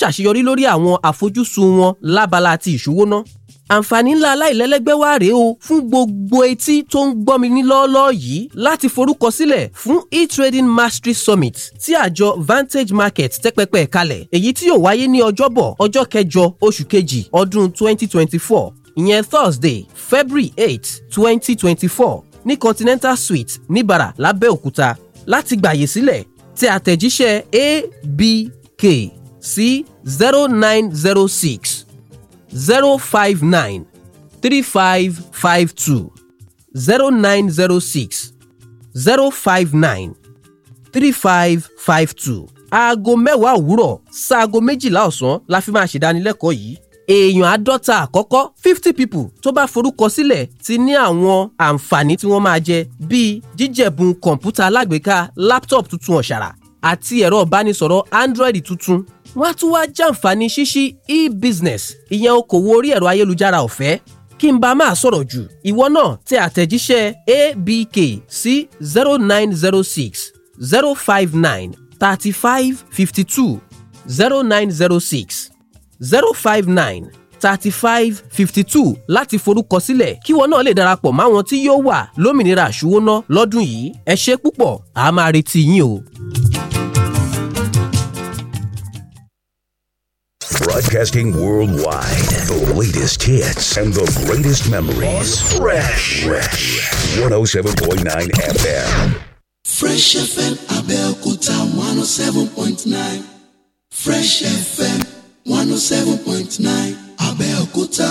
ṣàṣeyọrí lórí àwọn àfojúsùn wọn lábala ti ìṣúwóná àǹfààní ńlá aláìlẹ́lẹ́gbẹ́ wá rèé o fún gbogbo etí tó ń gbọ́ mi ní lọ́ọ́lọ́ọ́ yìí láti forúkọ sílẹ̀ fún e-trading mastery summit tí àjọ vantage market tẹ́pẹ́pẹ́ kalẹ̀ èyí tí yóò wáyé ní ọjọ́bọ̀ ọjọ́ kẹjọ oṣù kejì ọdún 2024 ìyẹn thursday february 8 2024 ní continental suite nìbàrà lábẹ́òkúta láti gbàyè sílẹ̀ tẹ àtẹ̀jíṣẹ́ abk sí 0906 059 3552 0906 059 3552 aago mẹ́wàá òwúrọ̀ sáago méjìlá ọ̀sán la fi máa ṣèdánilẹ́kọ̀ọ́ yìí èèyàn àádọ́ta àkọ́kọ́ fifty people tó bá forúkọ sílẹ̀ ti ní àwọn àǹfààní tí wọ́n máa jẹ bíi jíjẹ̀bùn kọ̀ǹpútà alágbèéká laptop tuntun ọ̀ṣàrà àti ẹ̀rọ ìbánisọ̀rọ̀ Android tuntun wọ́n á tún wá jàǹfààní ṣíṣí e-business ìyẹn okòwò orí ẹ̀rọ ayélujára ọ̀fẹ́ kí n bá máa sọ̀rọ̀ jù ìwọ náà tẹ àtẹ̀jíṣẹ́ abk sí zero nine zero six zero five nine thirty five fifty two zero nine zero six zero five nine thirty five fifty two láti forúkọsílẹ̀ kí wọn náà lè darapọ̀ máwọn tí yóò wà lómìnira àṣùwọ̀n náà lọ́dún yìí ẹ ṣé púpọ̀ àá máa retí yín o. Broadcasting worldwide. The latest hits and the greatest memories. Fresh. Fresh. 107.9 FM. Fresh FM Abeokuta 107.9. Fresh FM 107.9 Abeokuta.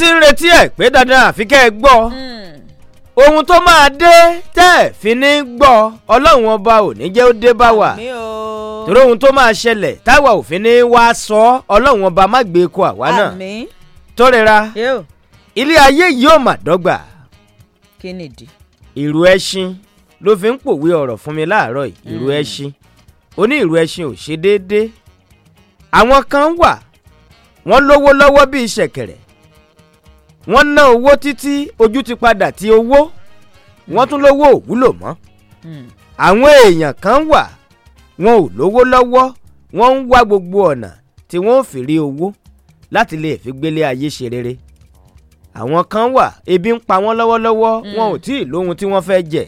ti ń retí ẹ̀ pé dandan àfi kẹ́ ẹ gbọ́ ohun tó máa dé tẹ́ ẹ̀ fi ní gbọ́ ọlọ́run ọba ò ní jẹ́ ó dé bá wa torí ohun tó máa ṣẹlẹ̀ táwa ò fi ní wá sọ ọlọ́run ọba má gbé e kó àwa náà tó rẹra ilé ayé yìí ò dọ́gba ìrù ẹṣin ló fi ń pòwe ọ̀rọ̀ fún mi láàárọ̀ ìrù mm. ẹṣin ó ní ìrù ẹṣin ò ṣe déédéé àwọn kan wà wọ́n lówó lọ́wọ́ bíi ṣẹ̀kẹ̀rẹ̀ wọ́n ná owó títí ojú ti padà ti owó wọ́n tún lówó òwúlò mọ́ hmm. àwọn èèyàn kan wà wọn ò lówó lọ́wọ́ wọ́n ń wá gbogbo ọ̀nà tí wọ́n ò fi rí owó láti lè fi gbélé ayé ṣe rere àwọn kan wà ebi ń pa wọ́n lọ́wọ́lọ́wọ́ hmm. wọn ò tí ì lóhun tí wọ́n fẹ́ jẹ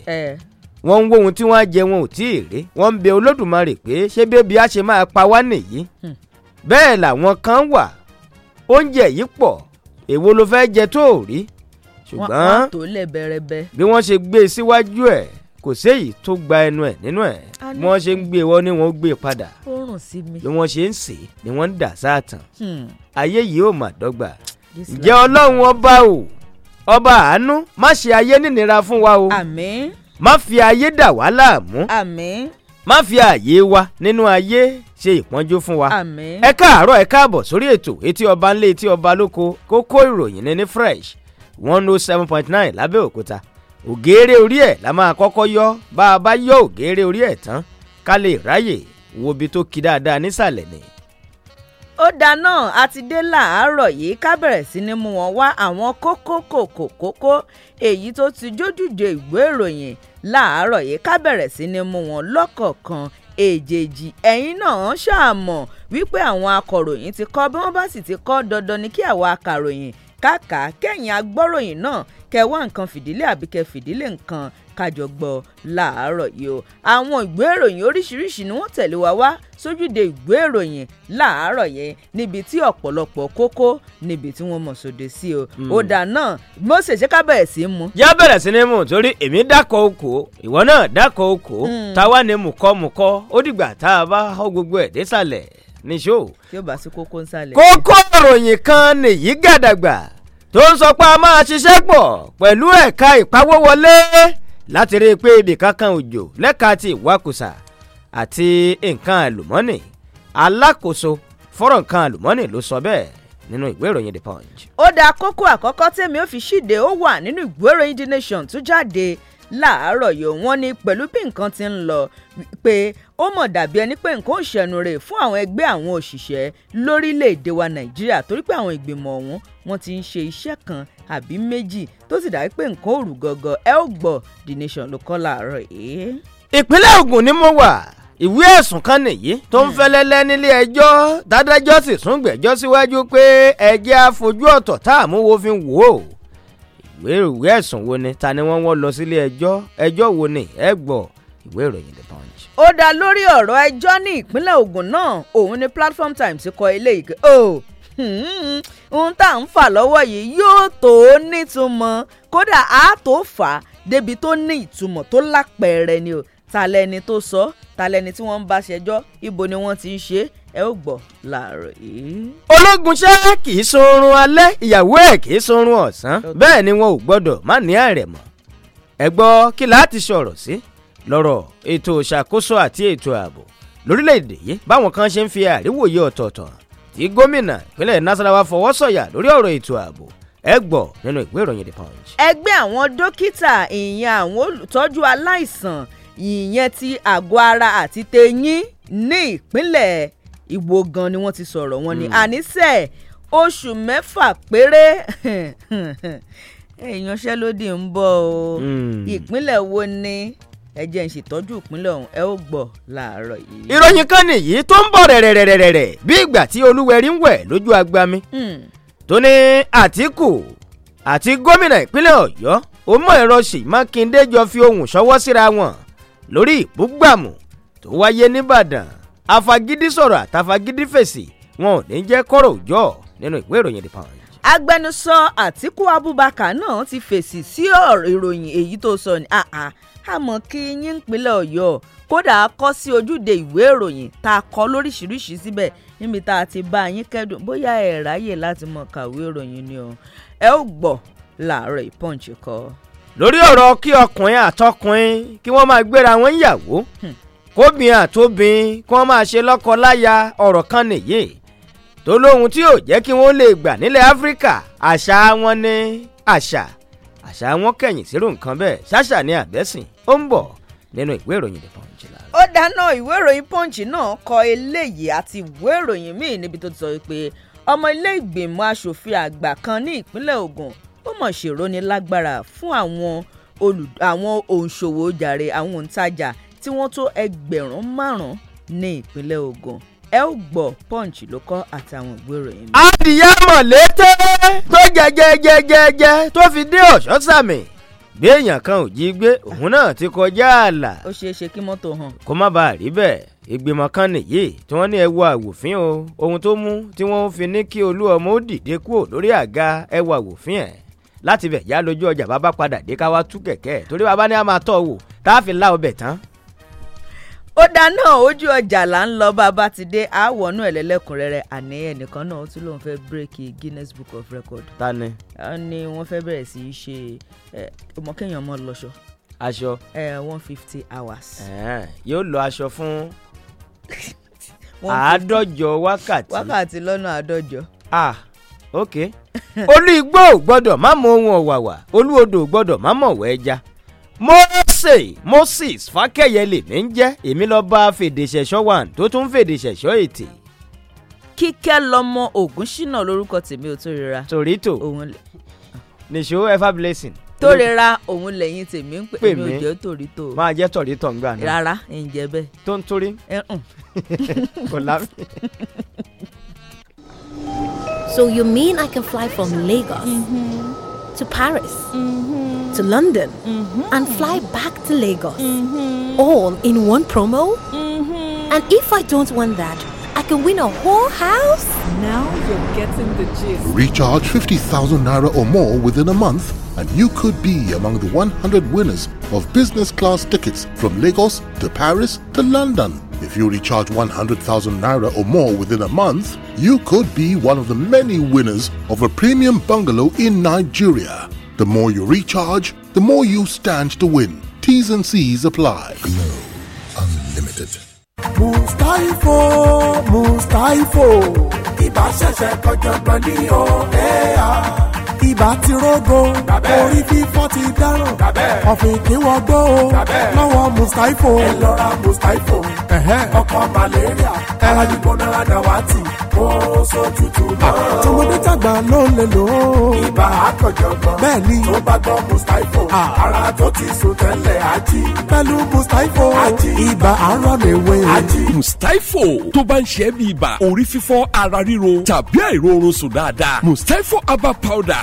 wọ́n ń wóhun tí wọ́n á jẹ wọn ò tí ì rí wọ́n ń bẹ olódùmarè pé ṣé bébí a ṣe máa pa wá nìyí hmm. bẹ́ẹ̀ làwọn kan wà oúnjẹ yìí pọ̀ èwo ló fẹ́ jẹ tó rí ṣùgbọ́n bí wọ́n ṣe gbé e síwájú ẹ̀ kò séyìí tó gba ẹnu ẹ̀ nínú ẹ̀ bí wọ́n ṣe ń gbé e wọ́n ni wọ́n gbé e padà bí wọ́n ṣe ń sè é ni wọ́n ń dà sáàtàn hmm. ayé yìí ò mà dọ́gba ǹjẹ́ ọlọ́run ọba o ọba àánú má ṣe ayé nínira fún wa o má fi ayé dà wá láàmú má fi ààyè wa nínú ayé ṣe ìpọ́njú fún wa. àmín. ẹ káàárọ̀ ẹ káàbọ̀ sórí ètò etí ọba ńlé etí ọba lóko kókó ìròyìn ní ní fresh one oh seven point nine lábẹ́òkúta ògèrè orí ẹ̀ la máa kọ́kọ́ yọ bá a bá yọ ògèrè orí ẹ̀ tán ká lè ráyè wo ibi tó kí dáadáa nísàlẹ̀ ni. ó dáná a ti dé làárọ̀ yìí ká bẹ̀rẹ̀ sí ni mú wọn wá àwọn kókó kòkó kókó èyí tó ti jójúde ìwé ìròyìn làárọ̀ yìí ká bẹ̀rẹ̀ sí ni mú wọn lọ́kọ̀ọ̀kan èjèèjì ẹ̀yin náà ṣàmọ̀ wípé àwọn akọ̀ròyìn ti kọ́ bí wọ́n bá sì ti kọ́ dandan ni kí àwa akàròyìn káàkà kẹ́yìn agbọ́ròyìn náà kẹ́ wá nǹkan fìdílé àbí kẹ́ fìdílé nǹkan kájọ gbọ́ láàárọ̀ yìí o àwọn ìwé ìròyìn oríṣiríṣi ni wọ́n tẹ̀lé wa wá sójúde ìwé ìròyìn láàárọ̀ yẹn níbi tí ọ̀pọ̀lọpọ̀ kókó níbi tí wọ́n mọ̀ sóde sí o ó hmm. dà náà mo ṣe ṣe ká bẹ̀rẹ̀ sí mu. yá bẹ̀rẹ̀ sí ni mu torí èmi dákọ̀ oko ìwọ náà dákọ̀ oko hmm. táwa ni mùkọ́mùkọ́ ó dìgbà tá a bá hó gbogbo ẹ̀ désàlẹ̀ níṣó. tí ó bá sí kókó ń sálẹ̀. kókó ìròyìn kan nìyí tó ń sọ pé a máa ṣiṣẹ́ pọ̀ pẹ̀lú ẹ̀ka ìpawówọlé láti rí i pé ibì kankan òjò lẹ́ka ti ìwakùsà àti nǹkan àlùmọ́nì alákòóso fọ́rọ̀ nǹkan àlùmọ́nì ló sọ bẹ́ẹ̀ nínú ìwé ìròyìn the punch. ó dá kókó àkọ́kọ́ tèmi ò fi ṣíde ó wà nínú ìwé ìròyìn the nation tó jáde láàárọ̀ yìí wọ́n ní pẹ̀lú bí nǹkan ti ń lọ pé ó mọ̀ dàbí ẹni pé nǹkan ò ṣẹnu rè fún àwọn ẹgbẹ́ àwọn òṣìṣẹ́ lórílẹ̀‐èdè wa nàìjíríà torí pé àwọn ìgbìmọ̀ ọ̀hún wọ́n ti ń ṣe iṣẹ́ kan àbí méjì tó sì dàbí pé nǹkan ò rù ẹ ó gbọ́ the nation ló kọ́ láàárọ̀ yìí. ìpínlẹ̀ Ògùn ni mo wà ìwé ẹ̀sùn kan nìyí tó ń hmm. fẹ́lẹ́lẹ́ nílé ẹjọ́ dádájọ́ sì tún gbẹ́jọ́ síwájú pé ẹjẹ́ àfojú ọ̀tọ̀ tá àmúwo fi wò ó ìwé ẹ̀sùn wo ni ta ni wọ́n wọ́n lọ sílé ẹjọ́ ẹjọ́ wo ni ẹ gbọ́ ìwé ìròyìn the punch. ó dá lórí ọ̀rọ̀ ẹjọ́ ní ìpínlẹ̀ Ògùn náà òun ni Platform Times kọ ilé ìgbẹ́ o ohun tá à ń fà lọ́wọ́ yìí yóò tó nítumọ̀ kódà á tó fà á débi tó ní ìtumọ̀ tó lápẹẹrẹ ni o ta lẹni tó sọ ta tí wọ́n ń bá ṣẹjọ́ ibo ni wọ́n ti ń ṣe é ẹ ó gbọ́ láàárọ̀ yìí. ológun ṣẹ́ kì í sunrun alẹ́ ìyàwó ẹ̀ kì í sunrun ọ̀sán bẹ́ẹ̀ ni wọn ò gbọ́dọ̀ má ní àrẹ̀mọ̀ ẹ gbọ́ kí láti sọ̀rọ̀ sí lọ́rọ̀ ètò ìṣàkóso àti ètò ààbò lórílẹ̀‐èdè yìí báwọn kan ṣe ń fi àríwòye ọ̀tọ̀ọ̀tọ̀ tí gómìnà ìpínlẹ̀ Nasarawa fọwọ́ sọ̀yà lórí ọ̀rọ̀ ètò ààbò ẹ gbọ́ nínú ìwé ìròyìn The Punch. ẹgbẹ́ àwọn dókítà ìyẹn àwọn olùtọ́jú aláìsàn ìyẹn ti àgọ́ ara àti tẹ̀yìn ní ìpínlẹ̀ ìwo gan ni wọ́n ti sọ̀rọ̀ wọn ni hmm. àníṣe oṣù mẹ́fà péré ìyanṣẹ́lódì ń bọ̀ o hmm. ìpínlẹ̀ wo ni ẹ jẹ́ ń ṣètọ́jú ìpínlẹ̀ ọ̀hún ẹ ó gbọ́ láàárọ̀ yìí. ìròyìn kan nìyí tó ń bọ̀ rẹ̀rẹ̀rẹ̀rẹ̀rẹ̀ bí ìgbà tí olúwẹ̀rí ń wẹ̀ lójú agbami hmm. tó ní àtìkù àti gómìnà ìpínlẹ̀ ọ̀yọ́ òmò ẹ̀rọ ṣì mákindé jọ fi ohùn ṣọwọ́ síra wọn lórí ìbúgbàmù tó wáyé nìbàdàn àfagídí sọ̀rọ̀ àtàfagídí fèsì wọn ò ní jẹ́ kọ́rọ̀ òjọ́ nínú ìwé ìròyìn the punch. agbẹnusọ àtíkú abubakar náà ti fèsì sí ọ̀rọ̀ ìròyìn èyí tó sọ ní àmọ́ kí yín ìpínlẹ̀ ọ̀yọ́ kódà a kọ́ sí ojúde ìwé ìròyìn tá a kọ́ lóríṣiríṣi síbẹ̀ níbi tá a ti bá yín kẹ́dùn bóyá ẹ̀ ráyè láti mọ̀ kàwé ìròyìn ni o ẹ ó gbọ́ làárọ̀ ìpọ́ǹchì kọ́. lórí ọ̀rọ̀ kí ọkùnrin àtọkùnrin kí wọ́n máa gbéra wọn yàwó hmm kóbìnrin àtòbìnrin kí wọ́n máa ṣe lọ́kọ-láya ọ̀rọ̀ kan nìyí tó lóhun tí yóò jẹ́ kí wọ́n lè gbà nílẹ̀ áfíríkà àṣà wọn ni àṣà àṣà wọn kẹ̀yìn sírù nǹkan bẹ́ẹ̀ ṣàṣà ni àbẹ́sìn ó ń bọ̀ nínú ìwé ìròyìn the punch la. ó dáná ìwé ìròyìn punch náà kọ eléyìí àti ìwé ìròyìn míì níbi tó ti sọ pé ọmọ ilé ìgbìmọ̀ asòfin àgbà kan ní ìpínlẹ̀ Ògùn ó mọ̀ ṣèrò fún àwọn òǹṣòwò jàre àwọn òǹtajà tí wọ́n tó ẹgbẹ̀rún márùn-ún ní ìpínlẹ̀ Ògùn ẹ ó gbọ́ punch ló kọ́ àtàwọn ìwé ìròyìn. adìyẹ mọ̀lẹ́tẹ́ tó jẹjẹjẹjẹjẹ tó fi dé ọ̀ṣọ́ sàmì bí èèyàn kan ò jí gbé òun náà ti kọjá ààlà. ó ṣeé ṣe kí mọ́tò hàn. kó má bàa rí bẹ́ẹ̀ ìgbìmọ̀ kan nìyí tí wọ́n ní ẹ àwòfín o ohun tó mú tí wọ́n fi ní kí olú ọmọ ó dìde kúrò lórí àga ẹ àwòfín ẹ̀ láti bẹ̀ yá lójú ọjà bàbá padà dé ká tú kẹ̀kẹ́ torí bàbá ní a máa tọ́ wò tá a fi lá ọbẹ̀ tán ó dáná ojú ọjà là ń lọ bá a bá ti dé àáwọ̀ náà ẹlẹ́lẹ́kùnrẹ́rẹ́ àní ẹnìkan náà tún lóun fẹ́ bírèkì Guinness Book of Record. ta ni. ó ní wọ́n fẹ́ bẹ̀rẹ̀ sí í ṣe ọmọkéèyàn mọ́ lọ́ṣọ. aṣọ. one fifty hours. yóò lọ aṣọ fún àádọ́jọ wákàtí. wákàtí lọ́nà àádọ́jọ. ah ok olú igbó gbọ́dọ̀ má mọ ohun ọ̀wàwà olú odò gbọ́dọ̀ má mọ̀ wẹ́ ẹja. mo Mósè Moses Fákẹ́yẹ lèmi ń jẹ́ èmi lọ́ọ́ bá fèdèsẹ̀sọ́ wà tó tún fèdèsẹ̀sọ́ ètè. kíkẹ́ lọmọ Ògúnṣínà lórúkọ tèmi ò tó rira. tòrítò nìṣó ever blessing tó òun lẹ́yìn tèmi ń pè mí òjò tòrítò. máa jẹ́ tòrítò ń gbà náà. rárá ǹjẹ́ bẹ́ẹ̀. tó ń torí. kò lámì. So you mean I can fly from Lagos mm-hmm. to Paris? Mm-hmm. to London mm-hmm. and fly back to Lagos. Mm-hmm. All in one promo? Mm-hmm. And if I don't want that, I can win a whole house? Now you're getting the gist. Recharge 50,000 naira or more within a month, and you could be among the 100 winners of business class tickets from Lagos to Paris to London. If you recharge 100,000 naira or more within a month, you could be one of the many winners of a premium bungalow in Nigeria. The more you recharge, the more you stand to win. T's and C's apply. Glow Unlimited. Mustaifo, Mustaifo, ìbáṣẹ̀ṣẹ̀ kọjọ́gbọ́n ní OAR. ibà ti rógo orí fífọ́ ti dáràn ọ̀fìn ìpínwọ́gbó o lọ́wọ́ mùsítáífò. ẹ lọ ọkọ̀ malaria ara gbígbóná rádáwátì ó sọ tútù náà. tọmọdé tàgbà ló ń lè lò ó. ibà àkànjọ̀gbọ́n bẹ́ẹ̀ ni tó bá gbọ́ mùsítáífò ah. ara tó ti sùn tẹ́lẹ̀ ají. pẹ̀lú mùsítáífò ají ibà arọ́lẹ̀wé ají. mùsítáífò tó bá ń ṣe é bí ibà orí fífọ́ ara ríro tàbí àìróorun sùn dáadáa mùsítáífò herbal powder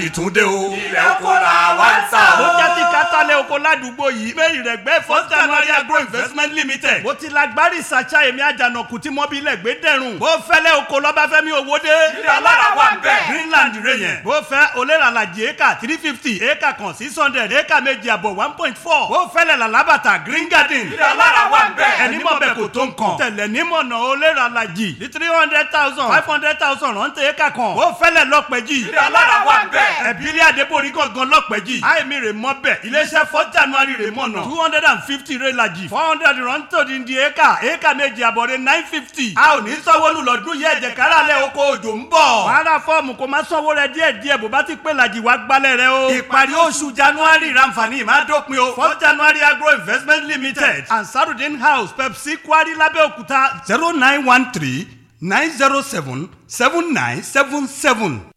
Àrìtúndé o. ilẹ̀ oko la wá ń tà o. mo jẹ́ ti kátàlẹ̀ oko ládùúgbò yìí. pé ìrẹ̀gbẹ́ fọ́tà lórí agro investment limited. mo ti la gbárí sàṣà èmi àjànàkú tí mọ́bí ilẹ̀ gbé dẹ̀rùn. bó fẹ́lẹ́ oko lọ́báfẹ́mi òwòde. ilẹ̀ alára wà bẹ́ẹ̀. greenland rẹ yẹn. bó fẹ́ olérànlájì éka three fifty éka kan six hundred éka méjì àbọ̀ one point four. bó fẹ́lẹ̀ làlábàtà green garden. ilẹ̀ alára wà bẹ́ẹ̀. ẹnimọ̀ bẹ kò tó nǹkan. tẹ̀lẹ̀ nímọ̀ náà olérànlájì bẹ́ẹ̀. ẹ̀bílẹ̀ adébórí gangan lọ́pẹ́jì. àìmí rè mọ́ bẹ́ẹ̀. iléeṣẹ́ fọ́ january rè mọ́ náà. two hundred and fifty rẹ̀ lajì. four hundred rántò di di éka éka méjì àbọ̀rẹ̀ nine fifty. a ò ní sanwó lù lọ́dún yẹ ẹ̀jẹ̀ kára lẹ oko òjò ń bọ̀. wàhálà fọ́ọ̀mù kò má sanwó rẹ díẹ̀ díẹ̀ bó bá ti pé lajì wá gbalẹ̀ rẹ o. ìparí oṣù january ranfani má dópin o. four january agro investment limited and sarudin house pepsi kwari labẹ́òkúta zero nine one three nine zero seven seven nine seven seven.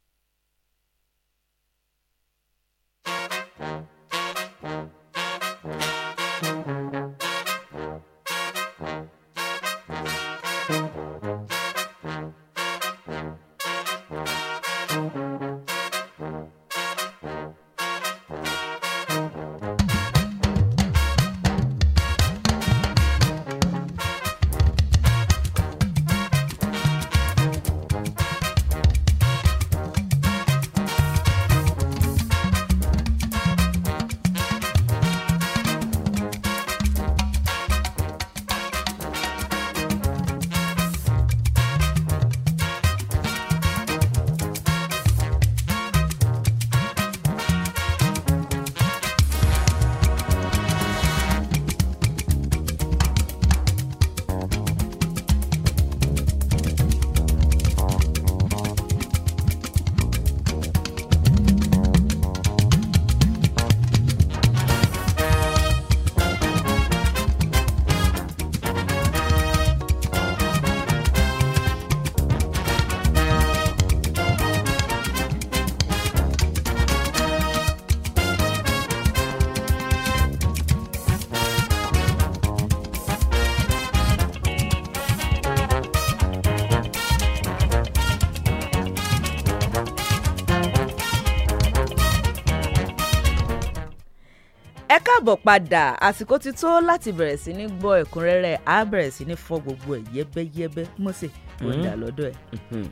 káàbọ̀ padà àsìkò ti tó láti bẹ̀rẹ̀ sí ní gbọ́ ẹ̀kúnrẹ́rẹ́ á bẹ̀rẹ̀ sí ní fọ gbogbo ẹ̀ yẹ́bẹ́yẹ́bẹ́ mọ̀sẹ̀ kò dà lọ́dọ̀ ẹ̀. Hmm.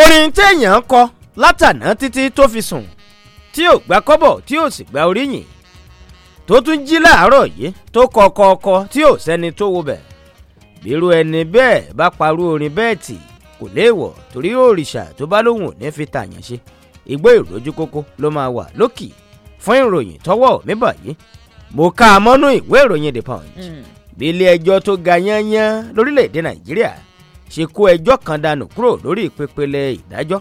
orin téèyàn ń kọ látàná títí tó fi sùn tí ò gba kọ́bọ̀ tí ò sì gba oríyìn tó tún jí láàárọ̀ yìí tó kọ kọ̀ọ̀kọ̀ tí ò sẹ́ni tó wo bẹ̀ bírú ẹni bẹ́ẹ̀ bá parú orin bẹ́ẹ̀ tì kò léèwọ̀ torí òrìṣà tó bá lóhùn ò ní fi tàyàn ṣe igbó ìrójú kókó ló máa wà lókì fún ìròyìn tọwọ́ mi bọ̀ yìí mo ká a mọ́nú ìwé ìròyìn the punch hmm. bí ilé ẹjọ́ tó ga yányán lórílẹ̀‐èdè nàìjíríà ṣe kó ẹjọ́ kan dànù kúrò lórí ìpepele ìdájọ́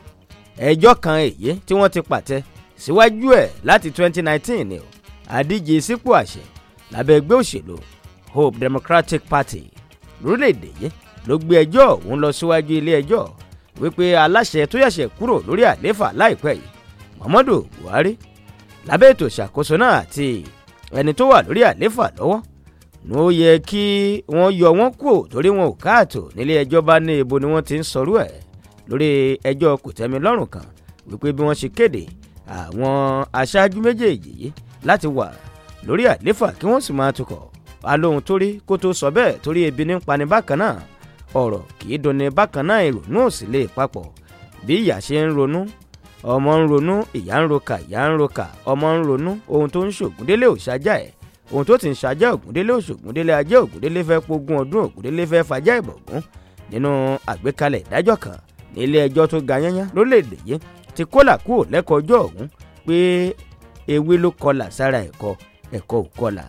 ẹjọ́ kan èyí tí wọ́n ti pàtẹ síwájú ẹ̀ láti 2019 ni o àdíje sípò àṣẹ lábẹ́ ẹgbẹ́ òṣèlú Hope Democratic Party lórílẹ̀‐èdè yìí ló gbé ẹjọ́ òun lọ síwájú ilé ẹjọ́ wípé aláṣẹ tó yàṣẹ kúrò lórí àlééfà láìpẹ́ yìí Muhammadu Buhari lábẹ́ ètò ìṣàkóso náà àti ẹni tó wà lórí àléfà lọ́wọ́ ni ó yẹ kí wọ́n yọ wọ́n kúrò torí wọn ò káàtó nílé ẹjọ́ bá ní ibo ni wọ́n ti ń sọrú ẹ̀ lórí ẹjọ́ kòtẹ́milọ́rùn kan wípé bí wọ́n ṣe kéde àwọn aṣáájú méjèèjì yìí láti wà lórí àléfà kí wọ́n sì máa tukọ̀ alóhun torí kó tó sọ bẹ́ẹ̀ torí ebi ní pani bákan náà ọ̀rọ̀ kì í dunni bákan náà ìrònú ò sì lè papọ̀ bí ìyá ṣe ń ronú ọmọ ń ronú ìyá ń roka ìyá ń roka ọmọ ń ronú ohun tó ń ṣògùndélé ò ṣájà ẹ̀ ohun tó ti ń ṣájà ògùndélé ò ṣògùndélé ajé ògùndélé fẹ́ pogún ọdún ògùndélé fẹ́ fàjà ìbọ̀gún nínú àgbékalẹ̀ ìdájọ́ kan ní ilé ẹjọ́ tó ga yányán lórílẹ̀‐èdè yìí ti kólà kúrò lẹ́kọ̀ọ́ ọjọ́ ọ̀hún pé ewé ló kọlà sára ẹ̀kọ́ ẹ̀kọ́ ò kọlà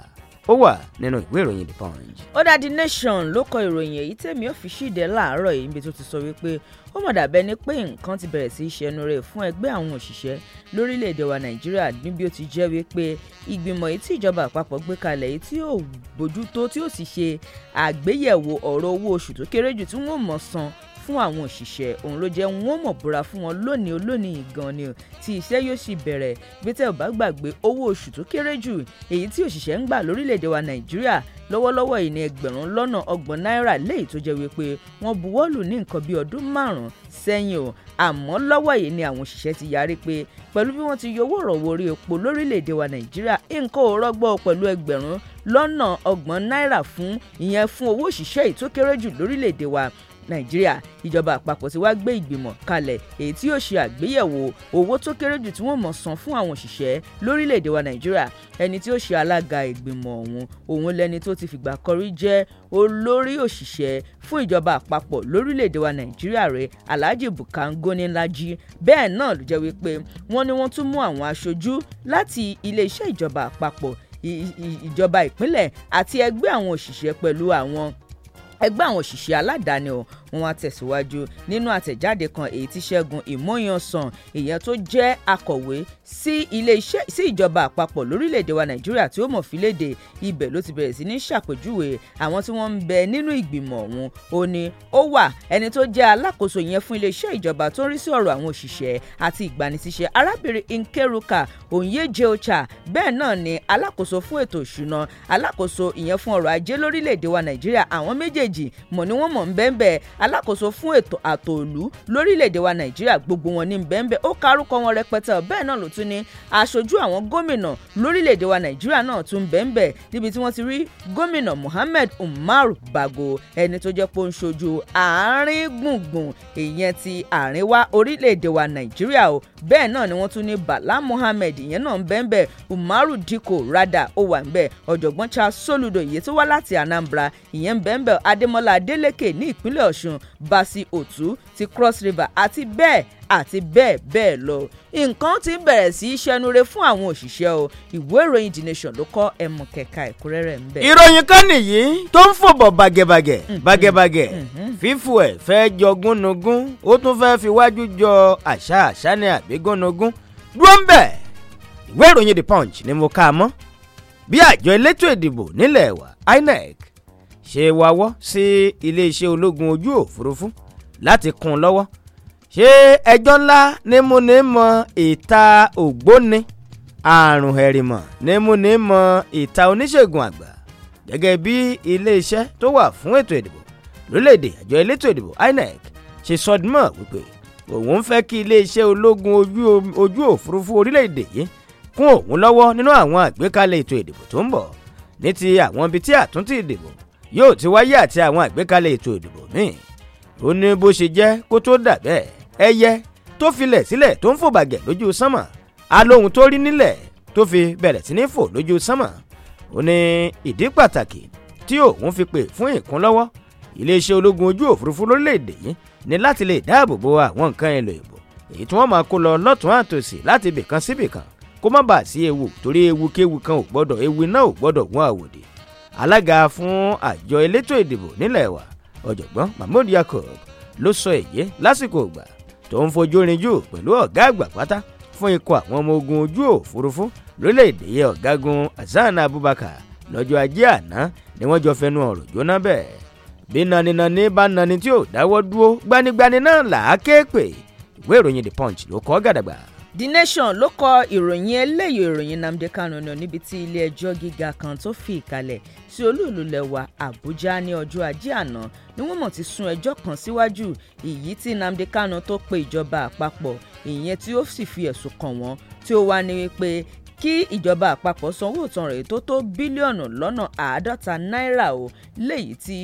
ó wà nínú ìwé ìròyìn the punch. ó dá nation ló kọ ìròyìn èyí tèmi ò fi ṣíde láàárọ̀ yìí níbi tó ti sọ wípé ó mọ̀ dàbẹ́ ni pé nǹkan ti bẹ̀rẹ̀ sí í ṣẹnu rẹ̀ fún ẹgbẹ́ àwọn òṣìṣẹ́ lórílẹ̀ wa nàìjíríà níbi ó ti jẹ́ wípé ìgbìmọ̀ èyí tí ìjọba àpapọ̀ gbé kalẹ̀ èyí tí yóò bójútó tí yóò sì ṣe àgbéyẹ̀wò ọ̀rọ̀ owó oṣù tó kéré jù tí wọ́n mọ̀ san fún àwọn òṣìṣẹ́ òun ló jẹ́ wọn mọ̀ búra fún wọn lónìí olónìí gan ni tí iṣẹ́ yóò sì bẹ̀rẹ̀ bí tẹ́ gbàgbé owó oṣù tó kéré jù èyí tí òṣìṣẹ́ ń gbà lórílẹ̀‐èdè wa nàìjíríà lọ́wọ́lọ́wọ́ yìí ni ẹgbẹ̀rún lọ́nà ọgbọ̀n náírà léyìí tó jẹ́ wípé wọ́n buwọ́lù ní nǹkan bíi ọdún márùn-ún sẹ́yìn o àmọ́ lọ́wọ́ yìí ni àwọn òṣìṣẹ́ ti yarí pé pẹ̀lú bí wọ́n ti yọ owó orí epo lórílẹ̀‐èdè wa nàìjíríà nǹkan ò rọ́gbọ́ pẹ̀lú ẹgbẹ̀rún lọ́nà ọgbọ̀n náírà fún ìyẹn fún owó òṣìṣẹ́ yìí tó kéré jù lórílẹ̀‐èdè wa nàìjíríà ìjọba àpapọ̀ ti wá gbé ìgbìmọ̀ kalẹ̀ èyí tí yóò ṣe àgbéyẹ̀wò owó tó kéré jù tí wọ́n mọ̀ san fún àwọn òṣìṣẹ́ lórílẹ̀‐èdè wa nàìjíríà ẹni tí ó ṣe alága ìgbìmọ̀ ọ̀hún òun lẹni tó ti fìgbà kọrí jẹ́ olórí òṣìṣẹ́ fún ìjọba àpapọ̀ lórílẹ̀‐èdè wa nàìjíríà rẹ̀ alhaji bukangoni laji bẹ́ẹ̀ náà ló jẹ́ wípé wọ́n ní wọ́n tún mú àwọn aṣojú láti iléeṣẹ́ ìjọba àpapọ̀ ìjọba ìpínlẹ̀ àti ẹgbẹ́ àwọn òṣìṣẹ́ pẹ̀lú àwọn ẹgbẹ́ àwọn òṣìṣẹ́ aládàáni o wọ́n wá tẹ̀síwájú nínú àtẹ̀jáde kan èyí tí Ṣẹ́gun Ìmóyansàn ìyẹn tó jẹ́ akọ̀wé sí iléeṣẹ́ sí ìjọba àpapọ̀ lórílẹ̀‐èdè wa Nàìjíríà tí ó mọ̀ fi léde ibẹ̀ ló ti bẹ̀rẹ̀ sí ní ṣàpèjúwe àwọn tí wọ́n ń bẹ nínú ìgbìmọ̀ ọ̀hún ó ní ó wà ẹni tó jẹ́ alákòóso yẹn fún iléeṣẹ́ ìjọba tó ń rí sí ọ̀rọ̀ àwọn òṣìṣẹ́ àti ìgbanisíṣẹ́ arábìnrin Nkeruka Onyeje Ocha bẹ́ẹ̀ náà ni alákòóso fún ètò ìṣúná alákòóso ìyẹn fún ọrọ̀ ajé lórílẹ̀‐èdè wa Nàìjíríà àwọn méjèèjì mọ̀ ni wọ́n mọ̀ ń bẹ́ẹ̀ bẹ́ẹ̀ alákòóso fún ètò àtòòlú lórílẹ̀‐èdè wa nàìjíríà gbogbo wọn ní bẹ́ẹ̀nbẹ́ ó karúkọ wọn rẹpẹtẹ bẹ́ẹ̀ náà ló tún ní aṣojú àwọn gómìnà lórílẹ̀‐èdè wa nàìjíríà náà tún bẹ́ẹ̀nbẹ́ níbi tí wọ́n ti rí gómìnà Mohammed Umar Bago ẹni tó jẹ́ pé ó ń ṣojú àárín gbùngbùn ìyẹn ti àríwá orílẹ̀‐èdè wa nàìjíríà o bẹ́ẹ̀ náà ni wọ́n tún ní Bala Mohammed ìyẹn náà ń bẹ́ẹ̀nbẹ́ Umaru Diko Rada ó wà ń bẹ́ẹ̀ ọ̀jọ̀gbọ́n Charles Soludo iye tó wá láti Anambra ìyẹn ń bẹ́ẹ̀nbẹ́ Adémọ́lá Adélékè ní ìpínlẹ̀ Ọ̀ṣun ọ̀ṣun basi otu ti cross river àti bẹ́ẹ̀ àti bẹ́ẹ̀ bẹ́ẹ̀ lọ nǹkan ti bẹ̀rẹ̀ sí í ṣẹnure fún àwọn òṣìṣẹ́ o ìwé ìròyìn the nation ló kọ́ ẹ̀mú kẹ̀ka ẹ̀kúnrẹ́rẹ́ ń bẹ̀. ìròyìn kan nìyí tó ń fòbọ̀ bàgẹ̀bàgẹ̀ mm-hmm. bàgẹ̀bàgẹ̀ mm-hmm. fífò ẹ̀ fẹ́ jọ gúnnugún ó tún fẹ́ fi wájú jọ àṣà àṣà ni àbí gúnnugún dúró ń bẹ̀ ìwé ìròyìn the punch ni mo kà á mọ́ bí àjọ elétò ìdìbò nílẹ̀ wa INEC ṣe wawọ́ sí iléeṣẹ́ ológun ojú òfurufú láti kún un lọ́wọ́ ṣé ẹjọ́ ńlá nímúnímọ̀ ìta ògbóni àrùn ẹ̀rìmọ̀ nímúnímọ̀ ìta oníṣègùn àgbà gẹ́gẹ́ bí iléeṣẹ́ tó wà fún ètò ìdìbò lórílẹ̀‐èdè àjọ elétò ìdìbò INEC ṣe sọdúnmọ́ wípé òun ń fẹ́ kí iléeṣẹ́ ológun ojú òfurufú orílẹ̀‐èdè yìí kún òun lọ́wọ́ nínú àwọn àgbékalẹ̀ ètò ìdìbò tó ń bọ̀ ní ti àwọn ibi tí àtúntì ìdìbò yóò ti wáyé àti àwọn àgbékalẹ̀ ètò ìdìbò míì ó ní bó ṣe jẹ́ kó tó dà bẹ́ẹ̀ ẹyẹ tó filẹ̀ sílẹ̀ tó ń fò bàgẹ̀ lójú sánmà alóhun tó rí nílẹ̀ tó fi bẹ̀rẹ̀ sí ní fò lójú sánmà ó ní ìdí pàtàkì tí òun fi pè fún ìkúnlọ́wọ́ iléeṣẹ́ ológun ojú òfurufú lórílẹ̀‐èdè yìí ní láti lè dáàbò bo àwọn nǹkan èlò ìbò èyí tí wọ́n máa kó lọ lọ́tún àtòsí láti ibìkan síbìkan kó má bàa sí ewu torí ewu kéwu kan ò gbọ́dọ̀ ewu náà ò gbọ́dọ̀ gún àwòdì alága fún àjọ elétò ìdìbò nílẹ̀ wa ọ̀jọ̀gbọ́n mahmood yakub ló sọ èyí lásìkò ìgbà tó ń fojú rinjú pẹ̀lú ọ̀gá àgbà pátá fún ikọ̀ àwọn ọmọ ogun ojú òfurufú lórílẹ̀‐èdè yẹ ọ̀gágun hasan abubakar lọ́jọ́ ajé àná ni wọ́n jọ fẹnu ọ̀rọ̀ jóná bẹ́ẹ̀ bí naninani bá nani tí ò dáwọ́ dúró gbanigbani náà là á ké pè ìwé ìròyìn the punch ló kọ gàdàgbà the nation ló kọ ìròyìn eléyìí ìròyìn nnamdi kanu náà níbi tí ilé-ẹjọ́ gíga kan tó fi ìkàlẹ̀ sí olúùlú lẹ̀wà àbújá ní ọjọ́ ajé àná ni wọ́n mọ̀ ti sún ẹjọ́ kan síwájú èyí tí nnamdi kanu tó pe ìjọba àpapọ̀ ìyẹn tí ó sì fi ẹ̀sùn kàn wọ́n tí ó wá ní wípé kí ìjọba àpapọ̀ sanwó ìtanràn tó tó bílíọ̀nù lọ́nà àádọ́ta náírà o léyìí tí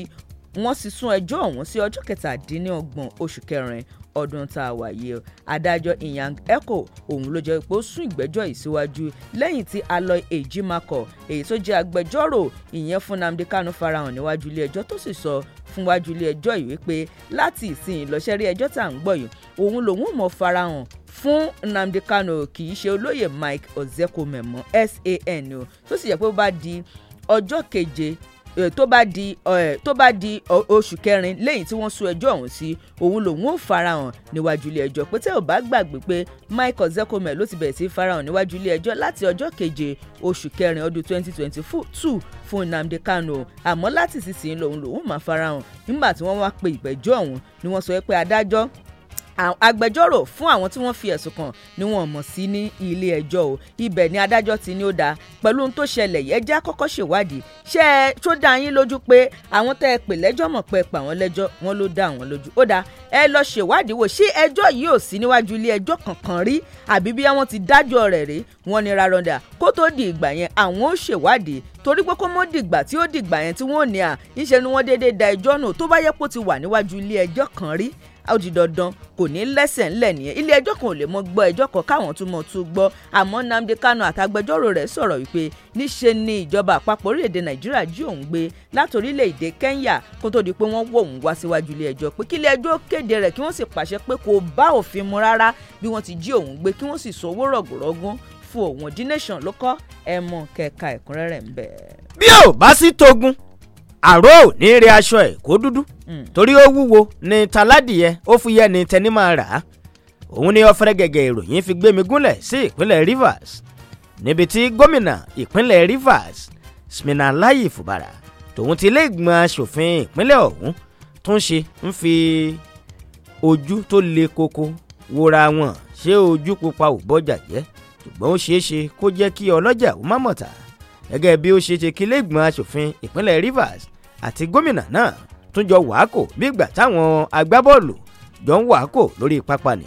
wọ́n sì sún ẹjọ́ ọ̀hún sí ọjọ́ kẹtàdínlọ́gbọ̀n oṣù kẹrin ọdún tá a wà yìí adájọ́ Inyang Echo òun ló jẹ́ pé ó sún ìgbẹ́jọ́ ìsíwájú lẹ́yìn tí Aloy Ejimakor èyí tó jẹ́ agbẹjọ́rò ìyẹn fún Nnamdi Kanu farahàn níwájú ilé ẹjọ́ tó sì sọ fúnwájú ilé ẹjọ́ yìí wípé láti ìsìn ìlọsẹ̀rí ẹjọ́ tá à ń gbọ́ yìí òun lòun mọ̀ farahàn fún Nnamdi Kanu kì í ṣe olóyè Mike Ozekhome mọ́ SAN o tó sì yẹ pé ó bá di ọjọ́ keje tó bá di tó bá di oṣù kẹrin lẹ́yìn tí wọ́n sún ẹjọ́ ọ̀hún sí òun lòun ò farahàn níwájú ilé ẹjọ́ pé tẹ́ ò bá gbàgbé pé Michael Zekhome ló ti bẹ̀rẹ̀ sí farahàn níwájú ilé ẹjọ́ láti ọjọ́ keje oṣù kẹrin ọdún twenty twenty two fún Nnamdi Kanu àmọ́ láti sísìn lòun lòun máa farahàn nígbà tí wọ́n wá pe ìgbẹ́jọ́ ọ̀hún ni wọ́n sọ pé adájọ́ agbẹjọ́rò fún àwọn tí wọ́n fi ẹ̀sùn kàn ni wọ́n mọ̀ sí ní ilé ẹjọ́ o ibẹ̀ ni adájọ́ ti ní ó dáa pẹ̀lú ohun tó ṣẹlẹ̀ yẹn já kọ́kọ́ ṣèwádìí ṣé ẹ tó dá yín lójú pé àwọn tẹ́ ẹ pè lẹ́jọ́ mọ̀ pé ẹ pa àwọn lẹ́jọ́ wọn ló dá àwọn lójú ó dáa ẹ lọ ṣèwádìí wò ṣé ẹjọ́ yìí ò sí níwájú ilé ẹjọ́ kankan rí àbí bí wọ́n ti dájọ́ rẹ̀ rí wọ́n ní rárọ̀dà kó tó di ìgbà yẹn àwọn ó ṣèwádìí torí pé kó mọ́ dìgbà tí ó dìgbà yẹn tí wọ́n ò ní à ńṣe ni wọ́n déédéé da ẹjọ́ nù tó bá yẹ kó ti wà níwájú ilé ẹjọ́ kan rí ó di dandan kò ní lẹ́sẹ̀ ńlẹ̀ nìyẹn ilé ẹjọ́ kan ò lè mọ gbọ́ ẹjọ́ kan káwọn tún mọ tún gbọ́ àmọ́ Nnamdi Kanu àtàgbẹjọ́rò rẹ̀ sọ̀rọ̀ wípé níṣe ni ìjọba àpapọ̀ orílẹ̀-èdè Nàìjíríà jí òun gbé láti orílẹ̀-èdè Kenya kó tó di pé wọ́n wọ́ òun wá síwájú ilé ẹjọ́ pé kí ilé ẹjọ́ kéde rẹ̀ kí wọ́n sì pàṣẹ pé kò bá òfin mu rárá bí wọ́n ti jí òun gbé kí wọ́n sì sọ owó rọ̀gùrọ̀gùn àrò ò ní rí aṣọ ẹ̀ kó dúdú hmm. torí ó wúwo ní taládìyẹ ó fúyẹ́ ní tẹni máa rà á òun ni ọ̀fẹ́rẹ́gẹ̀gẹ̀ ìròyìn fi gbé mi gúnlẹ̀ sí ìpínlẹ̀ Rivers níbi tí gómìnà ìpínlẹ̀ Rivers Siminalayi Fubara tòun ti ilé asòfin ìpínlẹ̀ ọ̀hún tó ṣe ń fi ojú tó le koko wora wọn ṣé ojú pupa ò bọ́jà jẹ́ ṣùgbọ́n ó ṣeé ṣe kó jẹ́ kí ọlọ́jà ó má mọ̀ta gẹ́gẹ́ bí ó ṣe ṣe kí iléègbìmọ̀ asòfin ìpínlẹ̀ Rivers àti gómìnà náà tún jọ wàákò bí ìgbà táwọn agbábọ́ọ̀lù jọ ń wàákò lórí pápá ni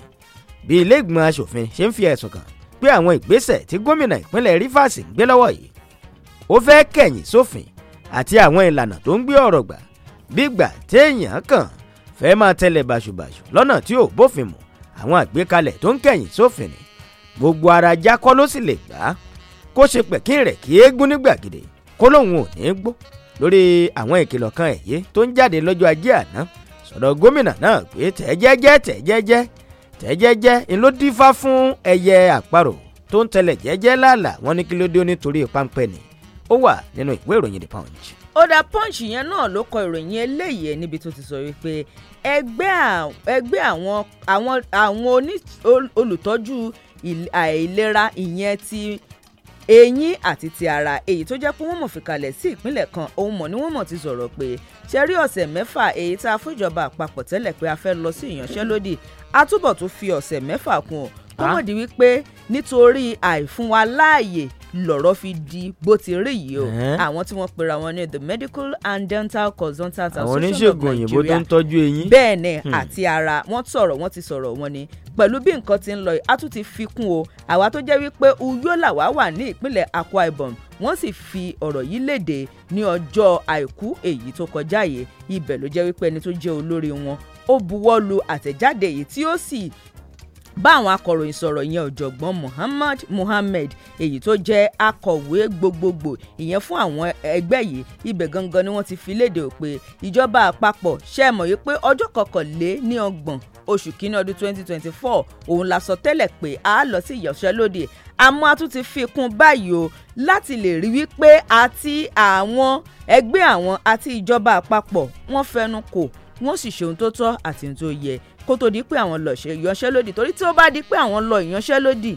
bí iléègbìmọ̀ asòfin ṣe ń fi ẹ̀sùn kàn pé àwọn ìgbésẹ̀ tí gómìnà ìpínlẹ̀ Rivers ń gbé lọ́wọ́ yìí ó fẹ́ kẹ̀yìn sófin àti àwọn ìlànà tó ń gbé ọ̀rọ̀ gbà bí ìgbà téèyàn kàn fẹ́ máa tẹ̀lé bàṣùbàṣù lọ́nà tí ò bófin mu àwọn àgbékalẹ̀ tó ń kẹ̀yìn sófin ni gbogbo ara jákọ́ ló sì lè gbà á kó ṣe pẹ̀kín rẹ̀ kí eégún ní gbàgede kó lóun ò ní gbọ́ lórí àwọn ìkìlọ̀ kan èyí tó ń jáde lọ́jọ́ ajé àná sọ̀dọ̀ gómìnà náà pé tẹ̀ẹ́jẹ́jẹ́ tẹ̀ẹ́jẹ́jẹ́ tẹ̀ẹ́jẹ́jẹ́ ń ló dífá fún ẹyẹ àparò tó ń tẹlẹ̀ jẹ́jẹ́ lálàá wọn ní kí ló dé nítorí páńpẹ́ ni ó wà nínú ìwé ìròyìn The Punch. ó dá Punch yẹn náà ló kọ ìròyìn eléyìí níbi tó ti sọ wípé ẹgbẹ́ àwọn olùtọ́jú àìlera ìyẹn ti eyín àti ti ara èyí tó jẹ́ pé wọ́n mọ̀ fìkàlẹ̀ sí ìpínlẹ̀ kan òun mọ̀ ni wọ́n mọ̀ ti sọ̀rọ̀ pé ṣe rí ọ̀sẹ̀ mẹ́fà èyí tá a fún ìjọba àpapọ̀ tẹ́lẹ̀ pé a fẹ́ lọ sí ìyanṣẹ́lódì a túbọ̀ tún fi ọ̀sẹ̀ mẹ́fà kún ó kó ah. mọ̀ di wípé nítorí àìfún wa láàyè lọ̀rọ̀ fi di bó ti rí yìí o àwọn tí wọ́n pera wọn ní the medical and dental consultants association of nigeria àwọn oníṣègùn òyìnbó tó ń tọ́jú eyín bẹ́ẹ̀ ni hmm. àti ara wọ́n sọ̀rọ̀ wọ́n ti sọ̀rọ̀ wọn ni pẹ̀lú bí nǹkan ti ń lọ a tún ti fi kún o àwa tó jẹ́ wípé uyo làwa wà ní ìpínlẹ̀ akwa ibom wọ́n sì fi ọ̀rọ̀ yìí léde ní ọjọ́ àìkú èyí tó kọjá yìí ibẹ̀ ló jẹ́ wípé ẹni tó jẹ́ olórí wọn ó buwọ́ lu àtẹ̀jáde yìí tí ó sì bá àwọn akọ̀ròyìn sọ̀rọ̀ ìyẹn ọ̀jọ̀gbọ́n Muhammad Muhammed èyí tó jẹ́ akọ̀wé gbogbogbò ìyẹn fún àwọn ẹgbẹ́ yìí ibẹ̀ gangan ni wọ́n ti fi léde ò pé ìjọba àpapọ̀ ṣẹ́ẹ̀mọ̀ yìí pé ọjọ́ kọkànlé ní ọgbọ̀n oṣù kínní ọdún 2024 òun la sọ tẹ́lẹ̀ pé a lọ sí ìyọ̀ṣẹ́lódì àmọ́ a tún ti fi kún báyìí o láti lè rí wípé àti àwọn ẹgbẹ́ àwọn àti ìjọba àpapọ̀ wọ́n fẹnu kò wọ́n sì ṣe ohun tó tọ́ àti ohun tó yẹ kó tó di pé àwọn lọ ṣe ìyanṣẹ́lódì torí tí ó bá di pé àwọn lọ ìyanṣẹ́lódì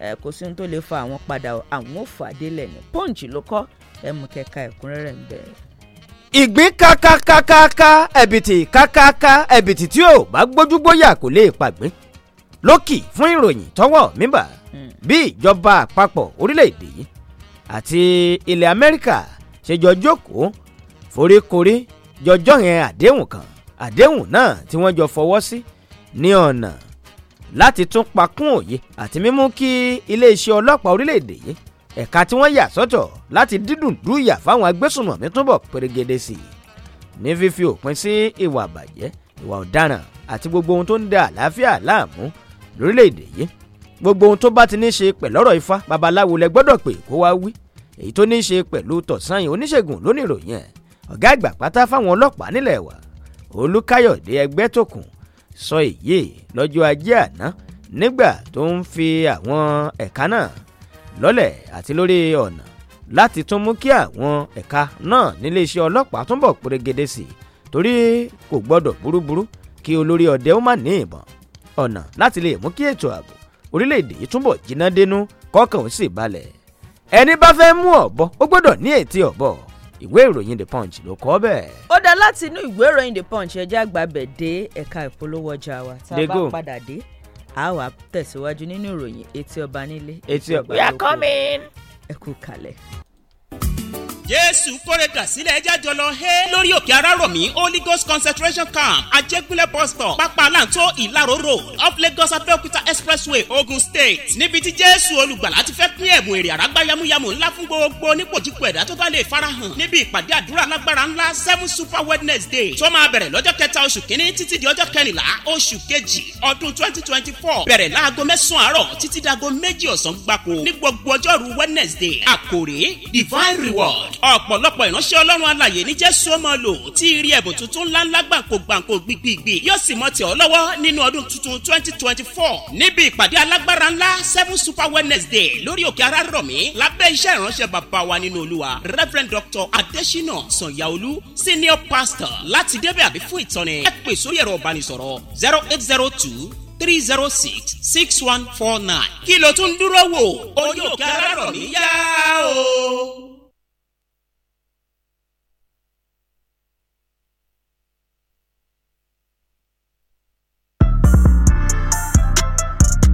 ẹ kò sí ohun tó lè fa àwọn padà àwọn ò fà délẹ̀ ní punch ló kọ́ ẹ mú kẹka ẹ̀kúnrẹ́rẹ́ ń bẹ̀rẹ̀ ìgbín kákákákáká ẹ̀bìtì kákáká ẹ̀bìtì tí ò bá gbójúgbóyà kò lè pàgbé lókì fún ìròyìn tọwọ́ mímbà hmm. bí ìjọba àpapọ̀ orílẹ̀-èdè àti ilẹ̀ Amẹ́ríkà ṣe jókòó foríkorí jọjọ́ yẹn àdéhùn kan àdéhùn náà tí wọ́n jọ fọwọ́ sí ní ọ̀nà láti tún pakún òye àti mímú kí iléeṣẹ́ ọlọ́pàá orílẹ̀-èdè yìí ẹ̀ka tí wọ́n yà sọ́tọ̀ láti dídùn dúyà fáwọn agbésùnmọ̀mí túbọ̀ pérégedé sí i ní fífi òpin sí ìwà àbàjẹ́ ìwà ọ̀daràn àti gbogbo ohun tó ń da àlàáfíà láàmú lórílẹ̀‐èdè yìí gbogbo ohun tó bá ti ní ṣe pẹ̀lọ́rọ̀ ifá babaláwo lẹ gbọ́dọ̀ pé kó wá wí èyí tó ní ṣe pẹ̀lú tọ̀sán oníṣègùn lónìròyìn ẹ̀ ọ̀gá àgbà pátá fáwọn ọlọ́pàá nílẹ̀ wa olùkáyọ̀dé ẹgbẹ́tòkùn sọ èyí lọ́jọ́ ajé àná nígbà tó ń fi àwọn ẹ̀ka náà lọ́lẹ̀ àti lórí ọ̀nà láti tún mú kí àwọn ẹ̀ka náà níléeṣẹ́ ọlọ́pàá túnbọ̀ pérégedé sí i torí kò gbọ́dọ̀ burúburú kí olórí ọdẹ ó má ní ìbọn ọ̀nà láti lè mú kí ètò ààbò orílẹ̀-èdè yìí túnbọ̀ jiná dénú kọ́kàn ó sì balẹ̀ ẹni bá fẹ́ mú ọ̀bọ ó gbọ́dọ̀ ní ètí ọ̀bọ ìwé ìròyìn the punch ló kọ bẹ́ẹ̀. ó dá láti inú ìwé ìròyìn the punch ẹjẹ́ àgbàbẹ̀ dé ẹ̀ka ìpolówó ọjà wa tá a bá padà dé a wà tẹ̀síwájú nínú ìròyìn etí ọba nílé. etí ọba lóko we are coming. ẹ kú kalẹ̀ jésù kórèdà sílẹ̀ jájọ lọ hẹ́ lórí òkè arárọ̀mí holy ghost concentration camp ajégúnlẹ̀ bus stop pápá aláǹtó ìlàró road off lagos abẹ́òkúta expressway ogun state níbi tí jésù olùgbàlà ti fẹ́ pín ẹ̀bùn èrè àrágbá yamuyamu ńlá fún gbogbo onípòjìpò ẹ̀dá tó bá lè farahàn níbi ìpàdé àdúrà lágbára ńlá seven super wednesday tó máa bẹ̀rẹ̀ lọ́jọ́ kẹta oṣù kínní títí di ọjọ́ kẹrìnlá oṣù kejì ọdún twenty twenty four bẹ̀rẹ̀ láago mẹ́sàn-án àárọ̀ títí dago méjì ọ̀sán wednesday àkòrí divine reward ọ̀pọ̀lọpọ̀ ìránṣẹ́ ọlọ́run alàyè ní jésù ọmọ lò tí rí ẹ̀bùn tuntun ńláńlá gbàǹkó gbàǹkó gbìgbìgbì yóò sì mọ̀ tẹ̀ ọ́ lọ́wọ́ nínú ọdún tuntun twenty twenty four níbi ìpàdé alágbára ńlá seven super wednesday lórí òkè arárọ̀mí lábẹ́ iṣẹ́ ìránṣẹ́ bàbá wa nínú olúwa reverend dr adesina sanyaolu senior pastor láti débẹ̀ àbí fún ìtọ́ni ẹ pè sórí ẹ̀rọ ìbánisọ̀rọ̀ zero eight zero two three zero six six one four nine. kí ló tún dúró wò ó yóò kí ara rọ̀ o.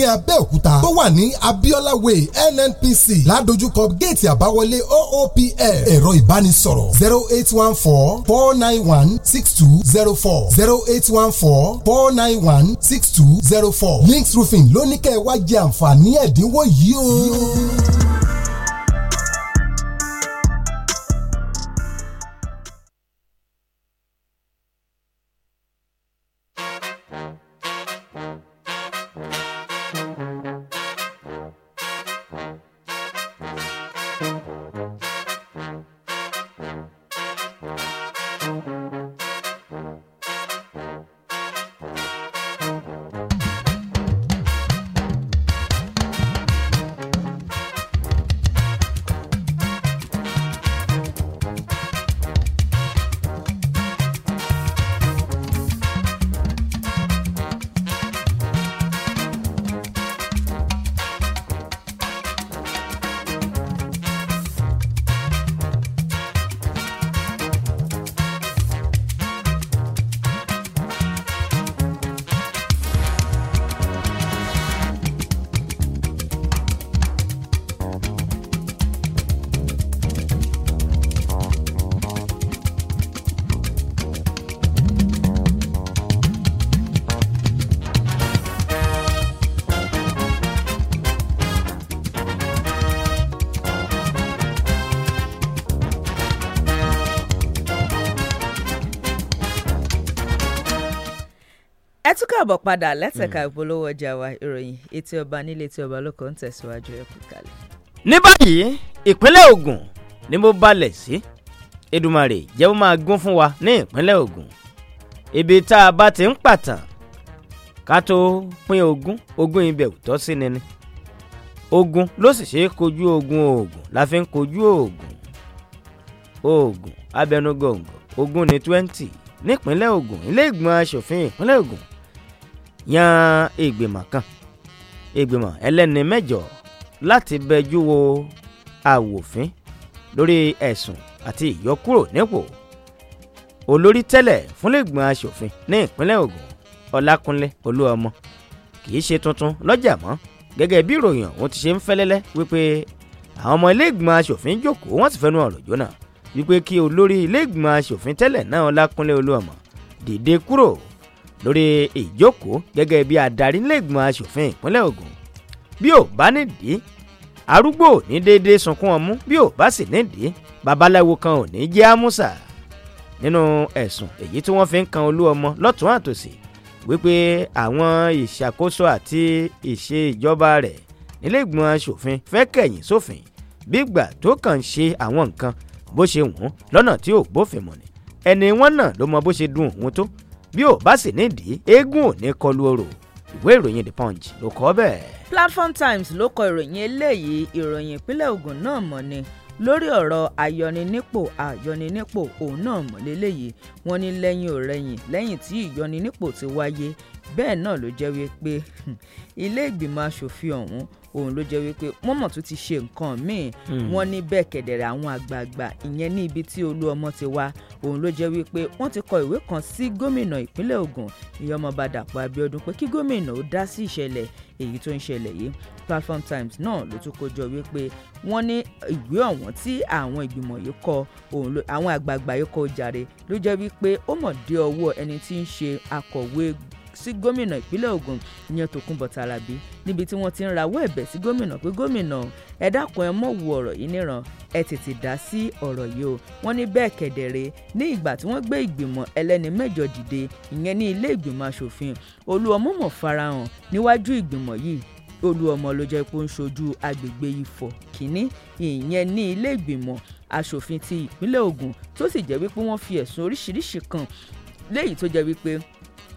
ní Abẹ́òkúta tó wà ní Abiola Way NNPC ládojúkọ géètì àbáwọlé OOPL ẹ̀rọ ìbánisọ̀rọ̀ zero eight one four four nine one six two zero four zero eight one four four nine one six two zero four Links Roofing ló ní kẹ́ ẹ wá jẹ àǹfààní ẹ̀dínwó yìí o. káàbọ̀ padà lẹ́tẹ̀ka hmm. ìpolówó ọjà wa ìròyìn etí ọba nílé etí ọba lóko ń tẹ̀síwájú ẹ̀ kú kalẹ̀. ní báyìí ìpínlẹ̀ Ògùn ni mo balẹ̀ sí Èdùmàrè jẹ́ ó máa gún fún wa ní ìpínlẹ̀ Ogun ibi tá a bá ti ń pàtàn ká tó pín ogún ogún ibẹ̀ ò tọ́ sí ni ogun ló sì ṣe é kojú ogun oògùn la fi ń kojú oògùn oògùn abẹnugọ̀ngọ̀ ogún ní twenty nípínlẹ̀ Ògùn ilé ìgbìmọ̀ asòfin ìpínlẹ̀ ogun yan ìgbìmọ̀ kan ìgbìmọ̀ ẹlẹ́ni mẹ́jọ láti bẹjú wo àwòfín lórí ẹ̀sùn àti ìyọkúrò nípò olórí tẹ́lẹ̀ fúnlẹ̀gbọ̀n aṣòfin ní ìpínlẹ̀ Ògùn Ọlákúnlé Olúọmọ kì í ṣe tuntun lọ́jà mọ́ gẹ́gẹ́ bí ìròyìn ọ̀hún ti ṣe ń fẹ́lẹ́lẹ́ wípé àwọn ọmọ iléègbìmọ̀ aṣòfin jókòó wọ́n sì fẹ́nu ọ̀rọ̀ jóná wípé kí olórí iléègbìmọ̀ aṣòfin tẹ́lẹ̀ náà Ọlákúnlé Olúọmọ dìde kúrò lórí ìjókòó gẹ́gẹ́ bí adarí nílẹ̀gbọ̀n asòfin ìpínlẹ̀ Ògùn bí ò bá nídìí arúgbó ò ní déédéé sunkún ọmú bí ò bá sì nídìí babaláwo kan ò ní jẹ́ àmúsà nínú ẹ̀sùn èyí tí wọ́n fi ń kan olú ọmọ lọ́tún àtòsí wípé àwọn ìṣàkóso àti ìṣe ìjọba rẹ̀ nílẹ̀gbọ̀n asòfin fẹ́ kẹ̀yìn sófin bí ìgbà tó kàn ń ṣe àwọn nǹkan bó ṣe wù ú lọ́nà tí ò bófin mu ni ẹni wọn náà ló mọ bó ṣe dùn òun tó bí ò bá sì nídìí eégún ò ní kọlu orò ìwé ìròyìn the punch ló kọ bẹ́ẹ̀. platform times ló kọ ìròyìn eléyìí ìròyìn ìpínlẹ̀ Ògùn náà mọ̀ ni lórí ọ̀rọ̀ àyọninípò àyọninípò òun náà mọ̀ léléyìí wọ́n ní lẹ́yìn ọ̀rẹ́yìn lẹ́yìn tí ìyọninípò ti wáyé bẹ́ẹ̀ náà ló jẹ́ wípé hmm, ilé ìgbìmọ̀ asòfin ọ̀hún òun ló jẹ́ wípé wọ́n mọ̀ tún ti ṣe nǹkan míì hmm. wọ́n ní bẹ́ẹ̀ kẹ̀dẹ̀rẹ̀ àwọn àgbààgbà ìyẹn ní ibi tí olú ọmọ ti wá òun ló jẹ́ wípé wọ́n ti kọ ìwé kan sí gómìnà ìpínlẹ̀ Ògùn ìyẹn ọmọọba Dàpọ̀ Abíọ́dún pé kí gómìnà ó dá sí ìṣẹ̀lẹ̀ èyí tó ń ṣẹlẹ̀ yìí Platform Times náà ló tún kójọ wípé wọ́n ní ìwé ọ̀wọ́n tí àwọn ìgbìmọ̀ yìí kọ àwọn àgbààgbà yìí kọ jàre ló jẹ́ wípé ó mọ̀ dé ọwọ́ ẹni tí ń ṣe akọ̀wé sí gómìnà ìpínlẹ̀ Ògùn ìyẹn Tòkunbọ̀ Tàràbí níbi tí wọ́n ti ń rawọ́ ẹ̀bẹ̀ sí gómìnà pé gómìnà ẹ dákun ẹ mọ̀ ọ̀rọ̀ yìí níran ẹ tètè dá sí ọ̀rọ̀ yìí o wọ́n ní bẹ́ẹ̀ kẹ̀dẹ̀rẹ̀ ní ìgbà tí wọ́n gbé ìgbìmọ̀ ẹlẹ́ni mẹ́jọ dìde ìyẹn ní ilé ìgbìmọ̀ asòfin Olúọmọmọ̀ farahàn níwájú ìgbìmọ̀ yìí Olúọmọ ló jẹ́ pé ó ń ṣojú agbègbè Ifọ̀ kínní ìyẹn ní ilé ìgbìmọ̀ asòfin ti ìpínlẹ̀ Ògùn tó sì jẹ́ wípé wọ́n fi ẹ̀sùn oríṣiríṣi kan léyìí tó jẹ́ wípé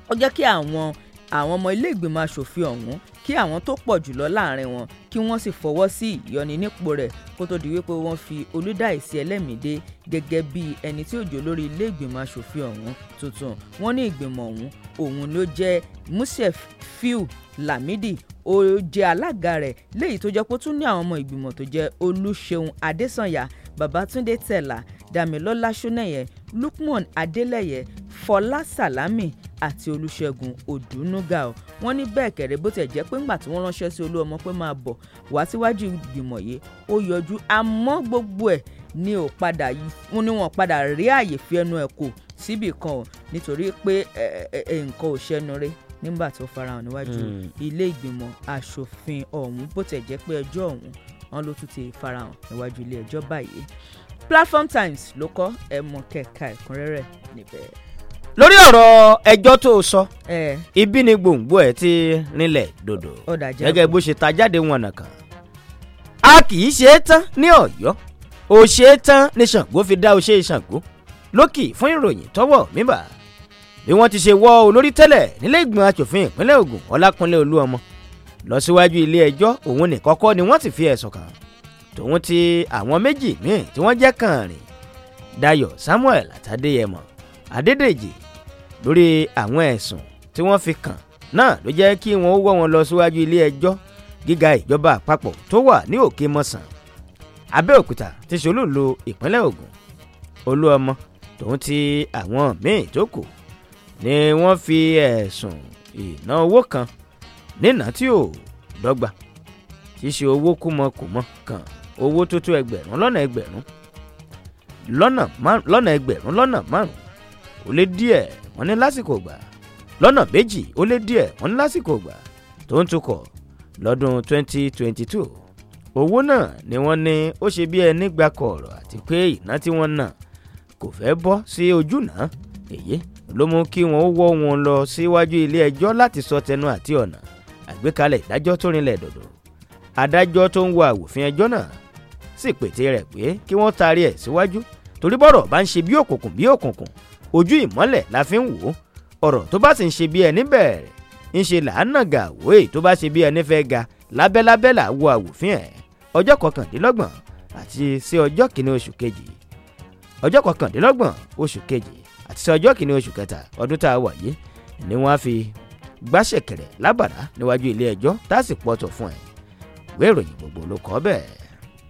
ó jẹ́ kí àwọn àwọn ọmọ ilé ìgbìmọ̀ asòfin ọ̀hún kí àwọn tó pọ̀ jùlọ láàrin wọn kí wọ́n sì fọwọ́ sí ìyọninípò rẹ̀ kó tó di wípé wọ́n fi olùdáìsí ẹlẹ́mìdé gẹ́gẹ́ bí ẹni tí ó jẹ́ olórí ilé ìgbìmọ̀ asòfin ọ̀hún tuntun wọn ní ìgbìmọ̀ ọ̀hún òun ló jẹ́ Musef Fiu Lamidi ó jẹ́ alága rẹ̀ léyìí tó jẹ́ pé ó tún ní àwọn ọmọ ìgbìmọ̀ tó jẹ́ Olúṣeun Adésànyà babatunde tẹ̀là damilọ́lá ṣónẹ́yẹ lukman adeleye fọlá sálámì àti olùṣègùn òdùnúgà ọ wọn ní bẹ́ẹ̀ kẹ̀rẹ́ bó tẹ̀ jẹ́ pé ńgbà tí wọ́n ránṣẹ́ sí olúọmọ pé máa bọ̀ wá síwájú ìgbìmọ̀ yìí ó yọjú àmọ́ gbogbo ẹ̀ ni ò padà ní wọn padà rí àyè fi ẹnu ẹ̀ kò síbì kan ọ nítorí pé nǹkan ò ṣẹnu rẹ̀ nígbà tó farahàn níwájú hmm. ilé ìgbìmọ̀ asòfin ọ̀hún bó tẹ̀ jẹ́ pé ẹjọ́ ọ̀hún wọn ló tún ti farahàn níwájú ilé ẹjọ́ báyìí platform times ló kọ ẹ mọ kẹka ẹ̀kúnrẹ́rẹ́ níbẹ̀. lórí ọ̀rọ̀ ẹjọ́ tó o sọ ibi ni gbòǹgbò ẹ̀ ti rinlẹ̀ dòdò gẹ́gẹ́ bó ṣe ta jáde wọn nàkàn a kì í ṣe é tán ní Ọ̀yọ́ ò ṣe é tán ní Ṣàngó fi dá o ṣe Ṣàngó lókì fún ìròyìn tọ́wọ́ mímbà bí wọ́n ti ṣe wọ́ olórí tẹ́lẹ̀ nílé ìgbìmọ̀ asòfin ìpínlẹ̀ Ògùn Ọlákúnlé Olúọmọ lọ síwájú ilé ẹjọ́ òun nìkan kọ́ ni wọ́n ti fi ẹ̀sùn kàn tòun ti àwọn méjì míì tí wọ́n jẹ́ kànrìn Dayọ̀ Samuel àtàdéyẹmọ Adédèjì lórí àwọn ẹ̀sùn tí wọ́n fi kàn náà ló jẹ́ kí wọ́n wọ́ wọn lọ síwájú ilé ẹjọ́ gíga ìjọba àpapọ̀ tó wà ní òkè mọ̀sán Abẹ́òkúta ti ṣolúlo ìpínlẹ̀ Ògùn Olúọmọ tòun ti àwọn míì tó kù ni wọ́n fi ẹ̀sùn ìná kan nínà tí ò dọ́gba ṣíṣe owó kúmọkùmọ kan owó tó tó ẹgbẹ̀rún lọ́nà ẹgbẹ̀rún lọ́nà ẹgbẹ̀rún lọ́nà márùn ó lé díẹ̀ wọ́n ní lásìkò gbà lọ́nà méjì ó lé díẹ̀ wọ́n ní lásìkò gbà tó ń tukọ̀ lọ́dún 2022 owó náà ni wọ́n ní ó ṣe bí ẹni gba kọ̀ọ̀rọ̀ àti pé ìná tí wọ́n ná kò fẹ́ bọ́ sí ojú náà èyí ló mú kí wọ́n wọ́ wọn lọ síwájú ilé ẹjọ́ láti sọ tẹnu àti ọ̀nà àgbékalẹ̀ ìdájọ́ tó rinlẹ̀ dọ̀dọ̀ adájọ́ tó ń wo àwòfin ẹjọ́ náà sì pète rẹ̀ pé kí wọ́n taari ẹ̀ síwájú torí bọ́rọ̀ bá ń ṣe bí òkùnkùn bí òkùnkùn ojú ìmọ́lẹ̀ la fi ń wò ó ọ̀rọ̀ tó bá sì ń ṣe bí ẹni bẹ̀rẹ̀ ń ṣe làánà ga òwe tó bá ṣe bí ẹni fẹ́ ga lábẹ́lábẹ́ là wo àwòfin ẹ̀ ọjọ́ kọkàndínlọ́gbọ̀n àti sí ọjọ́ kìíní oṣù kejì ọjọ́ kọkàndínlọ́gbọ̀n oṣù kejì àti sí ọjọ́ kìíní oṣù kẹta ọdún tá a wà yìí ni wọ́n á fi gbàṣẹ̀kẹ̀rẹ̀ lábàdá níwájú ilé ẹjọ́ tásìpọ̀tọ̀ fún ẹ̀ ìwé ìròyìn gbogbo ló kọ bẹ́ẹ̀.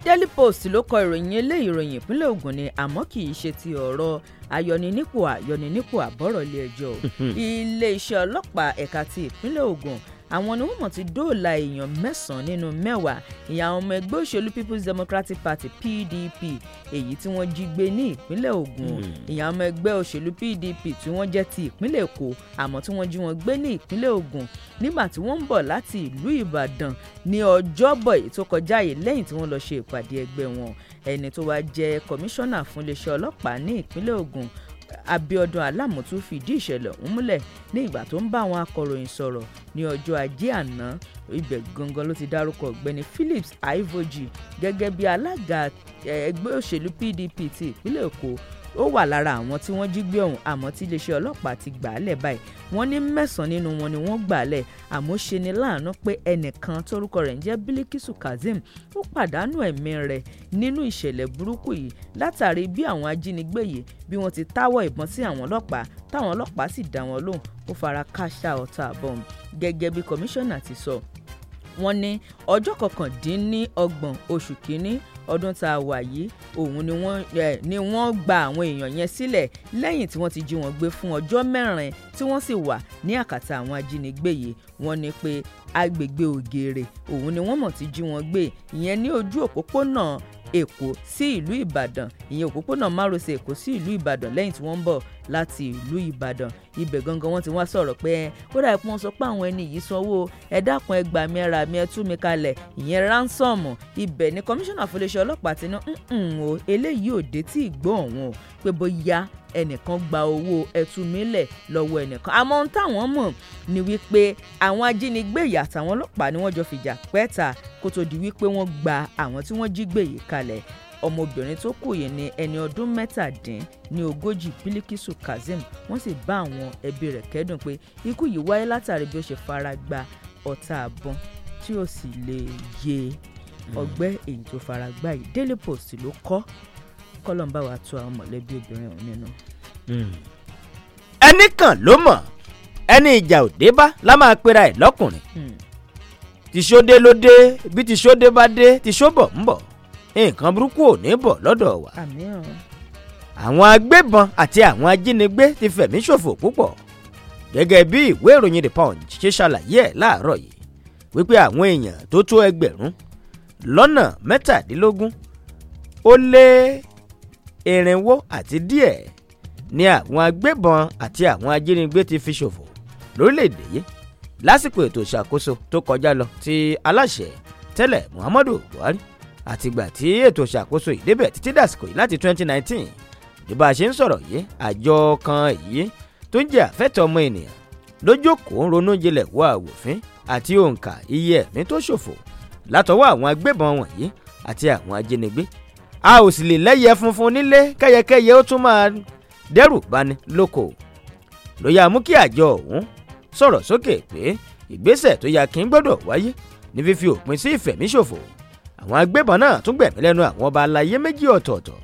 Daily Post ló kọ ìròyìn eléyìí ìròyìn ìpínlẹ̀ Ògùn ni àmọ́ kì í ṣe ti ọ̀rọ̀ ayọ̀ninípò ayọ̀ninípò àbọ̀rọ̀ ilé ẹjọ́ ilé iṣẹ́ ọlọ́pàá ẹ̀ka ti ìpínlẹ̀ Ògùn àwọn ni wọ́n mọ̀ ti dóòlà èèyàn mẹ́sàn-án nínú mẹ́wàá ìyá ọmọ ẹgbẹ́ òṣèlú people's democratic party pdp èyí tí wọ́n jí gbé ní ìpínlẹ̀ ogun hmm. ìyá ọmọ ẹgbẹ́ òṣèlú pdp tí wọ́n jẹ́ ti ìpínlẹ̀ èkó àmọ́ tí wọ́n jí wọn gbé ní ìpínlẹ̀ ogun nígbà tí wọ́n ń bọ̀ láti ìlú ìbàdàn ní ọjọ́bọ̀ èyí tó kọjá yìí lẹ́yìn tí wọ́n lọ ṣe ìpàdé ẹgbẹ́ wọn ẹni tó wá jẹ́ kọmíṣánná fún iléeṣẹ́ ọlọ́pàá ní ìpínlẹ̀ ogun Abiodun Alámọ̀tún fìdí ìṣẹ̀lẹ̀ ọ̀hún múlẹ̀ ní ìgbà tó ń bá àwọn akọ̀ròyìn sọ̀rọ̀ ní ọjọ́ ajé àná ibẹ̀ gangan ló ti dárúkọ ọ̀gbẹ́ni Phillips Aivoji gẹ́gẹ́ bí alága ẹgbẹ́ òṣèlú PDP ti ìpínlẹ̀ Èkó ó wà lára àwọn tí wọ́n jí gbé ọ̀hún àmọ́ tí iléeṣẹ́ ọlọ́pàá ti gbà á lẹ̀ báyìí wọ́n ní mẹ́sàn-án nínú wọn ni wọ́n gbà á lẹ̀ àmọ́ ṣe ni láàánú pé ẹnìkan tórúkọ rẹ̀ ń jẹ́ Bilikisu Kazeem ó pàdánù ẹ̀mí rẹ̀ nínú ìṣẹ̀lẹ̀ burúkú yìí látàrí bí àwọn ajínigbé yìí bí wọ́n ti táwọ̀ ìbọn sí àwọn ọlọ́pàá táwọn ọlọ́pàá sì dá wọn lóhùn ó fara kááṣá ọ̀tá àbọ̀n gẹ́gẹ́ bí kọmíṣánná ti sọ wọ́n ní ọjọ́ kọkàndínlọ́gbọ̀n oṣù kínní ọdún tá a wà yìí òun ni wọ́n ni wọ́n gba àwọn èèyàn yẹn sílẹ̀ lẹ́yìn tí wọ́n ti jí wọn gbé fún ọjọ́ mẹ́rin tí wọ́n sì wà ní àkàtà àwọn ajínigbé yìí wọ́n ní pé agbègbè ògèrè òun ni wọ́n mọ̀ ti jí wọn gbé ìyẹn ní ojú òpópónà èkó sí ìlú ìbàdàn ìyẹn òpópónà márosẹ̀ èkó sí ìlú ìbàdàn lẹ́yìn tí wọ́n ń bọ̀ láti ìlú ìbàdàn ibẹ̀ gangan wọ́n ti wá sọ̀rọ̀ pé kódà ẹ̀ pé wọ́n sọ pé àwọn ẹni yìí sanwó ẹ dákun ẹ gbà mí ẹ rà mí ẹ tú mi kalẹ̀ ìyẹn ránsọ̀mù ibẹ̀ ni kọmíṣánná fúnléṣẹ́ ọlọ́pàá ti ní o eléyìí ò dé tí ì gbọ́ ọ̀hún pé bóyá ẹnìkan gba owó ẹtúmílẹ̀ lọ́wọ́ ẹnìkan àmọ́ ohun táwọn mọ̀ ni wípé àwọn ajínigbé yìí àtàwọn ọlọ́pàá ni wọ́n jọ fìjà pẹ́ta kó tó di wípé wọ́n gba àwọn tí wọ́n jí gbé yìí ọmọbìnrin tó kù yìí ni ẹni ọdún mẹ́tàdín ní ogójì Bilikisu Kazeem wọ́n sì bá àwọn ẹbí rẹ̀ kẹ́dùn pé ikú yìí wáyé látàrí bí ó ṣe fara gba ọta àbọn tí ó sì lè yé ọgbẹ́ hmm. èyí tó fara gbá yìí Daily Post ló kọ kọlọmbà tó àwọn mọ̀lẹ́bí obìnrin ọ̀hún nínú. Hmm. ẹnì kan ló mọ̀ ẹni ìjà ò dé bá la máa pera ẹ̀ lọ́kùnrin hmm. tìṣódé ló dé bí tìṣódé bá dé tìṣóbọ̀ ń bọ̀ nǹkan burúkú ò ní bọ̀ lọ́dọ̀ wa. àwọn agbébọn àti àwọn ajínigbé ti fẹ̀mí ṣòfò púpọ̀ gẹ́gẹ́ bí ìwé ìròyìn The Punch ṣe ṣàlàyé ẹ̀ láàárọ̀ yìí wípé àwọn èèyàn tó tó ẹgbẹ̀rún lọ́nà mẹ́tàdínlógún ó lé irinwó àti díẹ̀ ni àwọn agbébọn àti àwọn ajínigbé ti fi ṣòfò lórílẹ̀‐èdè yìí lásìkò ètò ìṣàkóso tó kọjá lọ ti aláṣẹ tẹ́lẹ̀ Muhammadu Buhari àtìgbà tí ètò ìṣàkóso ìdébẹ̀ títí dàsìkò yìí láti 2019 ní bá a ṣe ń sọ̀rọ̀ yìí àjọ kan èyí tó ń jẹ́ àfẹ́tọ̀ ọmọ ènìyàn lójókòó ń ronú jinlẹ̀ wá àwòfín àti òǹkà iye ẹ̀mí tó ṣòfò látọwọ́ àwọn agbébọn wọ̀nyí àti àwọn ajínigbé a ò sì lè lẹ́yẹ funfun nílé kẹ́yẹkẹ́yẹ ó tún máa dẹ́rù bani lóko ló yá mú kí àjọ ọ̀hún sọ̀rọ̀ sókè pé ìgbésẹ̀ tó yá kí n gbọ́dọ̀ wáyé ní fífi òpin sí ìfẹ̀míṣòfò àwọn agbébọn náà tún gbẹ̀mí lẹ́nu àwọn ọba aláyé méjì ọ̀tọ̀ọ̀tọ̀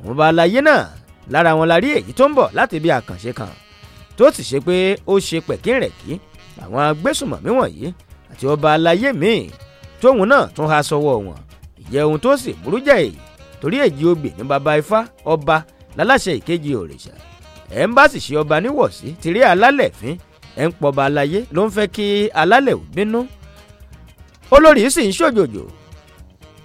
àwọn ọba aláyé náà lára wọn la rí èyí tó ń bọ̀ láti ibi àkànṣe kan tó sì ṣe pé ó ṣe pẹ̀kínrẹ̀kí àwọn agbésùmọ̀mí wọ̀nyí àti ọba aláyé míì tóun náà tún há sọ́wọ́ wọn ìyẹ́ ohun tó sì burú jẹ́ èyí torí èjì ogbè ní baba ifá ọba láláṣẹ ìkejì òrìṣà ẹ̀ ń bá sì ṣe ọba níwọ̀sí ti rí alálẹ̀ fín ẹ̀ ń pọba aláyé ló ń fẹ́ kí alálẹ̀ bínú olórí sì ń ṣòjòjò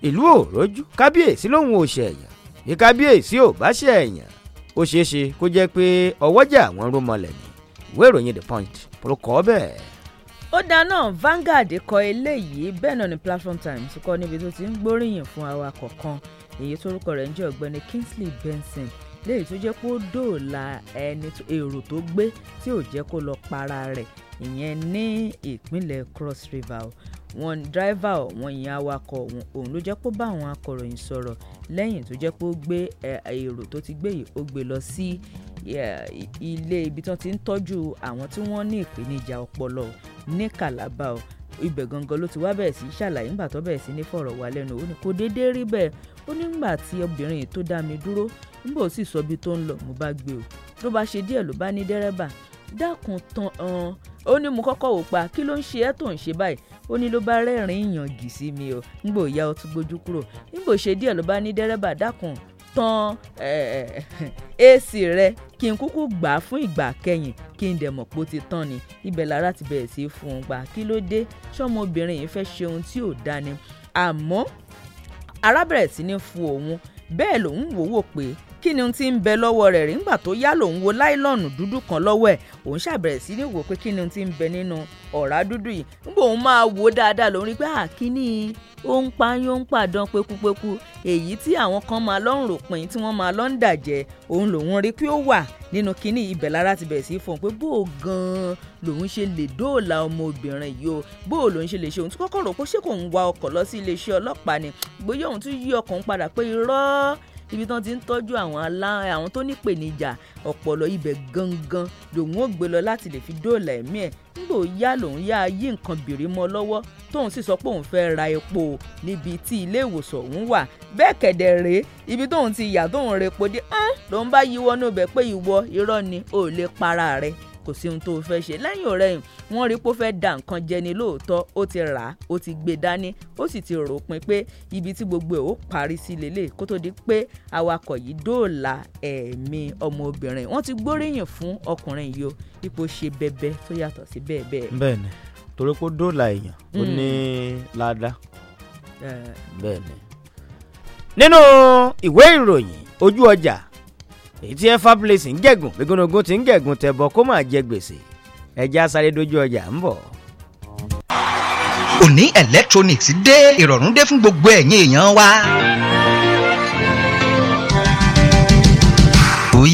ìlú òròjú kábíyèsí lòun ò ṣẹ̀yàn bí kábíyèsí ò bá ṣẹ̀yàn ó ṣeé ṣe kó jẹ́ pé ọwọ́jà àwọn rómọlẹ̀ ni ìwé ìròyìn the point ló bẹ́ẹ̀. ó dáná Vanguard kọ eléyìí bẹ́ẹ̀ náà ni Platform Times kọ níbi tó ti ń gbóríyìn fún awakọ̀ kan èyí tórúkọ rẹ̀ ń jẹ́ ọ̀gbẹ́ni Kingsley Benson léyìí tó jẹ́ pé ó dòòlà ẹni èrò tó gbé tí ò jẹ́ kó lọ para rẹ̀ ìyẹn ní ìpínlẹ̀ Cross River wọn dírẹ́fà wọn ìyẹn awakọ̀ òun ló jẹ́ pé ó bá àwọn akọ̀ròyìn sọ̀rọ̀ lẹ́yìn tó jẹ́ pé ó gbé èrò tó ti gbé yìí ó gbé lọ sí ilé ibi tí wọ́n ti ń tọ́jú àwọn tí wọ́n ní ìpèníjà ọpọlọ ní Calabar o ibẹ̀ gangan ló ti wá bẹ̀rẹ̀ sí ṣàlàyé nígbà tó bẹ̀rẹ̀ sí ní fọ̀rọ̀ wá lẹ́nu ó ní kò déédéé rí bẹ́ẹ̀ ó ní nígbà tí obìnrin yìí tó dá mi dúró nígbà ó sì sọ ibi tó ń lọ mo bá gbé o ló bá ṣe díẹ̀ ló bá ní dẹ́rẹ́bà dákun tán an ó ní mo kọ́kọ́ wò pa kí ló ń ṣe ẹ́ tó ń ṣe báyìí ó ní ló bá rẹ́rìn-ín ìyànjì sí mi o ńgbò ìyá ó tún gbójú kúrò ńgbò ṣe díẹ̀ ló bá ní dẹ́rẹ́bà dákun tán ac rẹ kí n kúkú gbà á fún ìgbà kẹyìn kí n dẹ̀ mọ̀ pé ó ti tán ni ibẹ̀ lára ti bẹ̀rẹ̀ sí fún un gbà kí ló dé ṣọ́mọbìnrin yìí fẹ́ ṣe ohun tí ò dáa ni àmọ́ arábẹ̀rẹ̀ sí ní fún òun bẹ́ẹ̀ lòun wò wò pé kí ni ohun tí ń bẹ lọ́wọ́ rẹ̀ rí ńgbà tó yá lòun wo láìlọ́ọ̀nù dúdú kan lọ́wọ́ ẹ̀ òun ṣàbẹ̀rẹ̀ sí ní wò pé kí ni ohun tí ń bẹ nínú ọ̀rá dúdú yìí ńgbà òun máa wò dáadáa lòun rí pé àkíní ó ń payán ó ń pàdán pekúpekú èyí tí àwọn kan máa lọ́n ròpin tí wọ́n máa lọ́n dàjẹ́ òun lòun rí pé ó wà nínú kínní ibẹ̀ lára ti bẹ̀rẹ̀ sí í pé bó o gan-an lòun ṣe lè dóòlà ọmọbìnrin yìí o bó o lòun ṣe lè ṣe òun tí kọ́kọ́ rò pé ṣé kò ń wa ọkọ̀ lọ sí iléeṣẹ́ ọlọ́pàá ni gbóyè òun tún yí ọkàn padà pé irọ́ ibi tán ti ń tọ́jú àwọn alá àwọn tó nípèníjà ọpọlọ ibẹ̀ gangan lòun ò gbé lọ láti lè fi dóòlà ẹ̀mí ẹ̀ nígbò yá lòun yá yí nǹkan bìrì mọ́ lọ́wọ́ tóun sì sọ pé òun fẹ́ ra epo níbi tí ilé ìwòsàn òun wà bẹ́ẹ̀ kẹ̀dẹ̀ rèé ibi tóun ti yà tóun repo dé lòun bá yíwọ́ níbẹ̀ pé ìwọ irọ́ ni ò lè para rẹ̀ kò sí ohun tó o fẹ́ ṣe lẹ́yìn ọ̀rẹ́yìn wọ́n rí pé ó fẹ́ da nǹkan jẹ ni lóòótọ́ ó ti rà á ó ti gbé dání ó sì ti rò pin pé ibi tí gbogbo ẹ̀ ó parí sí lélẹ̀ kó tó di pé awakọ̀ yìí dóòlà ẹ̀mí ọmọbìnrin wọ́n ti gbóríyìn fún ọkùnrin yìí o ipò ṣe bẹbẹ tó yàtọ̀ sí bẹ́ẹ̀ bẹ́ẹ̀. bẹ́ẹ̀ni torí pé dóòlà èèyàn ó hmm. ní ládàá eh. bẹ́ẹ̀ni nínú ìwé ìròyìn ojú ọjà èyí tí Effa Blessing ń jẹ̀gùn gbẹ̀gùnogún ti ń jẹ̀gùn tẹ̀bọ kó máa jẹ gbèsè ẹja sáré dojú ọjà ń bọ̀ òní electronics dé ìrọ̀rùn dé fún gbogbo ẹ̀yin èèyàn wa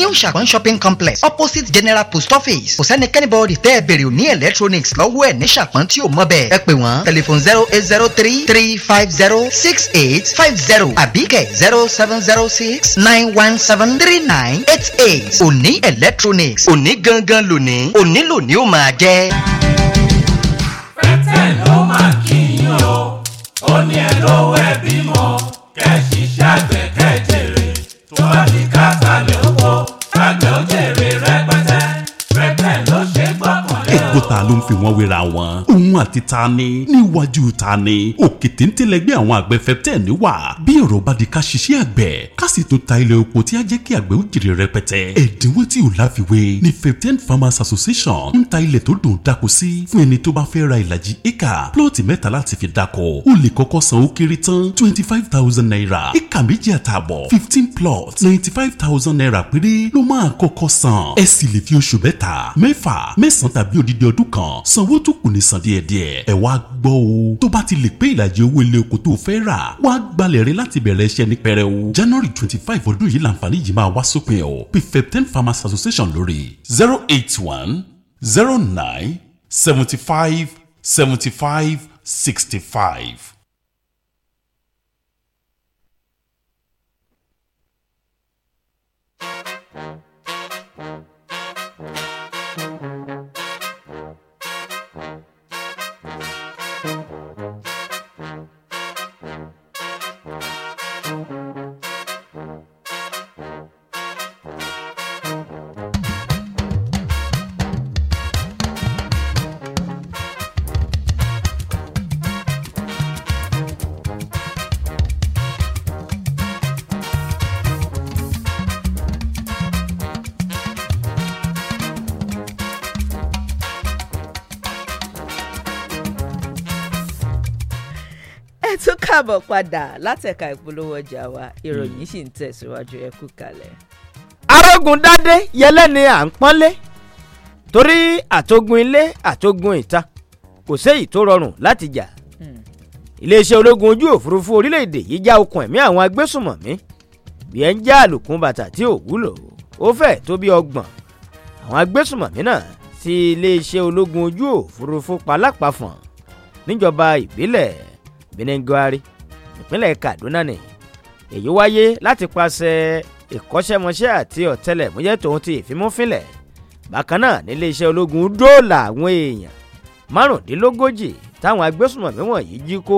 new Ṣàpọ́n shopping complex opposite general post office kò sẹ́nikẹ́ni bọ́ọ̀dì tẹ́ ẹ bèrè ní electronics lọ́wọ́ ẹ̀ ní Ṣàpọ́n tí ò mọ̀ bẹ́ẹ̀ ẹ pè wọ́n telephone zero eight zero three three five zero six eight five zero àbíkẹ́ zero seven zero six nine one seven three nine eight eight òní electronics òní gangan lónìí òní lónìí ó máa jẹ́. pẹ́tẹ́ ló máa kí yín o ó ní ẹ lówó ẹ bímọ kẹ́ ṣiṣẹ́ àgbẹ̀ kẹ́ jèrè tó bá ti ògo ta ló ń fi wọ́n wéra wọn òun àti ta ni níwájú ta ni òkè téńtélẹ́gbẹ́ àwọn àgbẹ̀ fẹ́tẹ̀ ní wà bí ọ̀rọ̀ bá di ká ṣiṣẹ́ àgbẹ̀ ká sì tó ta ilẹ̀ oko tí á jẹ́ kí àgbẹ̀ ó jèrè rẹpẹtẹ ẹ̀dínwó tí ò láfiwé ni fifteen farmers association ń ta ilẹ̀ tó dùn dáko sí fún ẹni tó bá fẹ́ ra ìlàjì éka plọ́ọ̀tì mẹ́ta láti fi dáko ó lè kọ́kọ́ san ó kéré tán twenty five thousand naira éka méjì àtààbọ̀ fifteen plots ninety five thousand naira péré ló máa kọ́kọ́ san ẹ sì lè fi oṣù mẹ́ta mẹ́fà odidi ọdún kan sanwó tó kù ní san díẹ̀díẹ̀ ẹ wá gbọ́ o tó bá ti lè pé ìlàjì owó ilé oko tó fẹ́ rà wá gbalẹ̀ rẹ láti bẹ̀rẹ̀ iṣẹ́ ní pẹrẹu january twenty five ọdún yìí làǹfààní yìí máa wá sópin o pfepten farmers association lórí zero eight one zero nine seventy five seventy five sixty five. káàbọ̀ padà látẹ̀ka ìpolówó ọjà wa ìròyìn sì ń tẹ̀síwájú ẹ kú kalẹ̀. arógun dádé yẹlẹ́ ni à ń pọ́nlé torí àtogun ilé àtogun ìta kò séyìí tó rọrùn láti jà hmm. iléeṣẹ́ ológun ojú òfurufú orílẹ̀-èdè yìí já okùn ẹ̀mí àwọn agbésùmọ̀mí bí ẹ ń já àlòkùn bàtà tí ò wúlò ó fẹ́ tó bí ọgbọ̀n àwọn agbésùmọ̀mí náà ti iléeṣẹ́ ológun ojú òfurufú palápàfọ̀n níjọba ìbílẹ̀ Benengwari ìpínlẹ̀ Kaduna ni èyí wáyé láti paṣẹ ìkọ́ṣẹ́mọṣẹ́ àti ọ̀tẹlẹ̀múyẹ́ tòun ti ìfimúfínlẹ̀ bákan náà nílé iṣẹ́ ológun dóòlà àwọn èèyàn márùndínlógójì táwọn agbésùmọ̀mí wọ̀nyí jí kó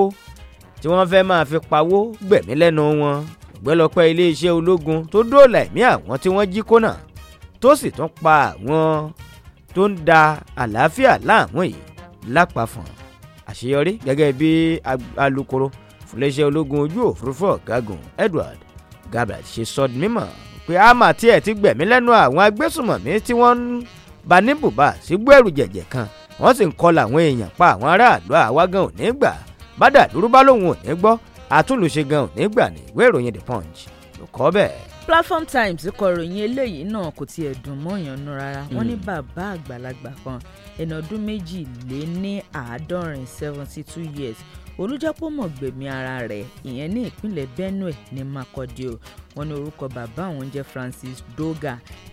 tí wọ́n fẹ́ máa fi pawó gbẹ̀mí lẹ́nu wọn ìgbẹ́lọpẹ́ ilé iṣẹ́ ológun tó dóòlà ẹ̀mí àwọn tí wọ́n jí kó náà tó sì tún pa àwọn tó ń da àlàáfíà láàmú yìí lápapọ̀n àṣeyọrí gẹ́gẹ́ bí alukoro fúnléṣẹ́ ológun ojú òfurufú ọ̀gágun Edward Gabriel ṣe sọ di mímọ̀ pé àmà tí ẹ̀ ti gbẹ̀mí lẹ́nu àwọn agbésùmọ̀mí tí wọ́n ń ba ní bùbá sí gbẹ́rù jẹ̀jẹ̀ kan wọ́n sì ń kọlà àwọn èèyàn pa àwọn aráàlú àwa gan ò gbà bádà dúró bá lòun ò gbọ́ àtúnlùṣe gan ò gbà ní ìwé ìròyìn The Punch ló kọ bẹ́ẹ̀ platform times kọ ròyìn eléyìí náà kò tiẹ̀ dùn mọ́yàn nù rárá hmm. wọ́n ní bàbá àgbàlagbà kan ẹni ọdún méjì lé ní àádọ́rin seventy two years olùjápọ̀mọ̀ gbẹ̀mí ara rẹ̀ ìyẹn ní ìpínlẹ̀ benue ní makurdi o wọ́n ní orúkọ bàbá àwọn jẹ́ francis doga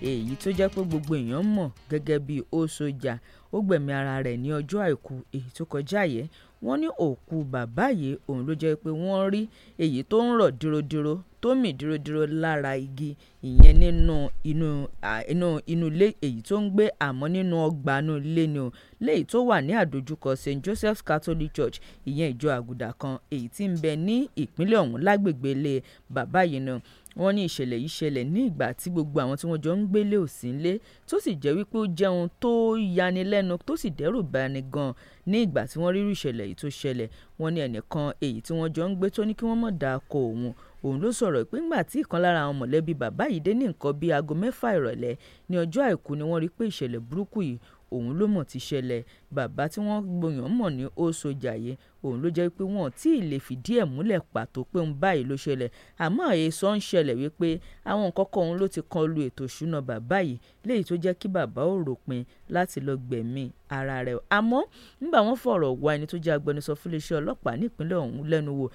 èyí tó jẹ́ pé gbogbo èèyàn mọ̀ gẹ́gẹ́ bí ó sójà ó gbẹ̀mí ara rẹ̀ ní ọjọ́ àìkú èyí tó kọjá yẹ wọ́n ní òkú bàbá yìí òun ló jẹ́ pé wọ́n rí èyí tó ń rọ̀ dírodíro tó mì dírodíro lára igi ìyẹn nínú inú inú inú ilé èyí tó ń gbé àmọ́ nínú ọgbà inú ilé ni o léyìí tó wà ní àdójúkọ st joseph's catholic church ìyẹn ìjọ àgùdà kan èyí tí ń bẹ ní ìpínlẹ̀ ọ̀hún lágbègbè ilé bàbá yìí náà wọ́n ní ìṣẹ̀lẹ̀ yìí ṣẹlẹ̀ ní ìgbà tí gbogbo àwọn tí wọ́n jọ ń gbélé ò sí nílé tó sì jẹ́ wípé ó jẹ́ ohun tó yani lẹ́nu tó sì dẹ́rù bani gan ní ìgbà tí wọ́n rírú ìṣẹ̀lẹ̀ yìí tó ṣẹlẹ̀ wọ́n ní ẹnìkan èyí tí wọ́n jọ ń gbé tó ní kí wọ́n mọ̀ dáa kọ òun òun ló sọ̀rọ̀ pé ńgbà tí ìkan lára àwọn mọ̀lẹ́bí bàbá yìí dé ní nǹkan bíi aago mẹ́fà ìrọ̀lẹ́ ní ọjọ́ àìkú ni wọ́n rí pé ìṣẹ̀lẹ̀ burúkú yìí òun ló mọ̀ ti ṣẹlẹ̀ bàbá tí wọ́n gbòyàn mọ̀ ní ó sojàyé òun ló jẹ́ pé wọn tí ì lè fìdí ẹ̀ múlẹ̀ pàtó pé ń báyìí ló ṣẹlẹ̀ àmọ́ èso ń ṣẹlẹ̀ wípé àwọn nǹkan kan òun ló ti kan lu ètò ìṣúná bàbá yìí léyìí tó jẹ́ kí bàbá ò ròpin láti lọ gbẹ̀mí ara rẹ̀ àmọ́ nígbà wọn fọ̀rọ̀ wá ẹni tó jẹ́ agbẹnusọ fúnléeṣẹ́ ọlọ́pàá nípínlẹ̀ ọ̀hún lẹ́nu wò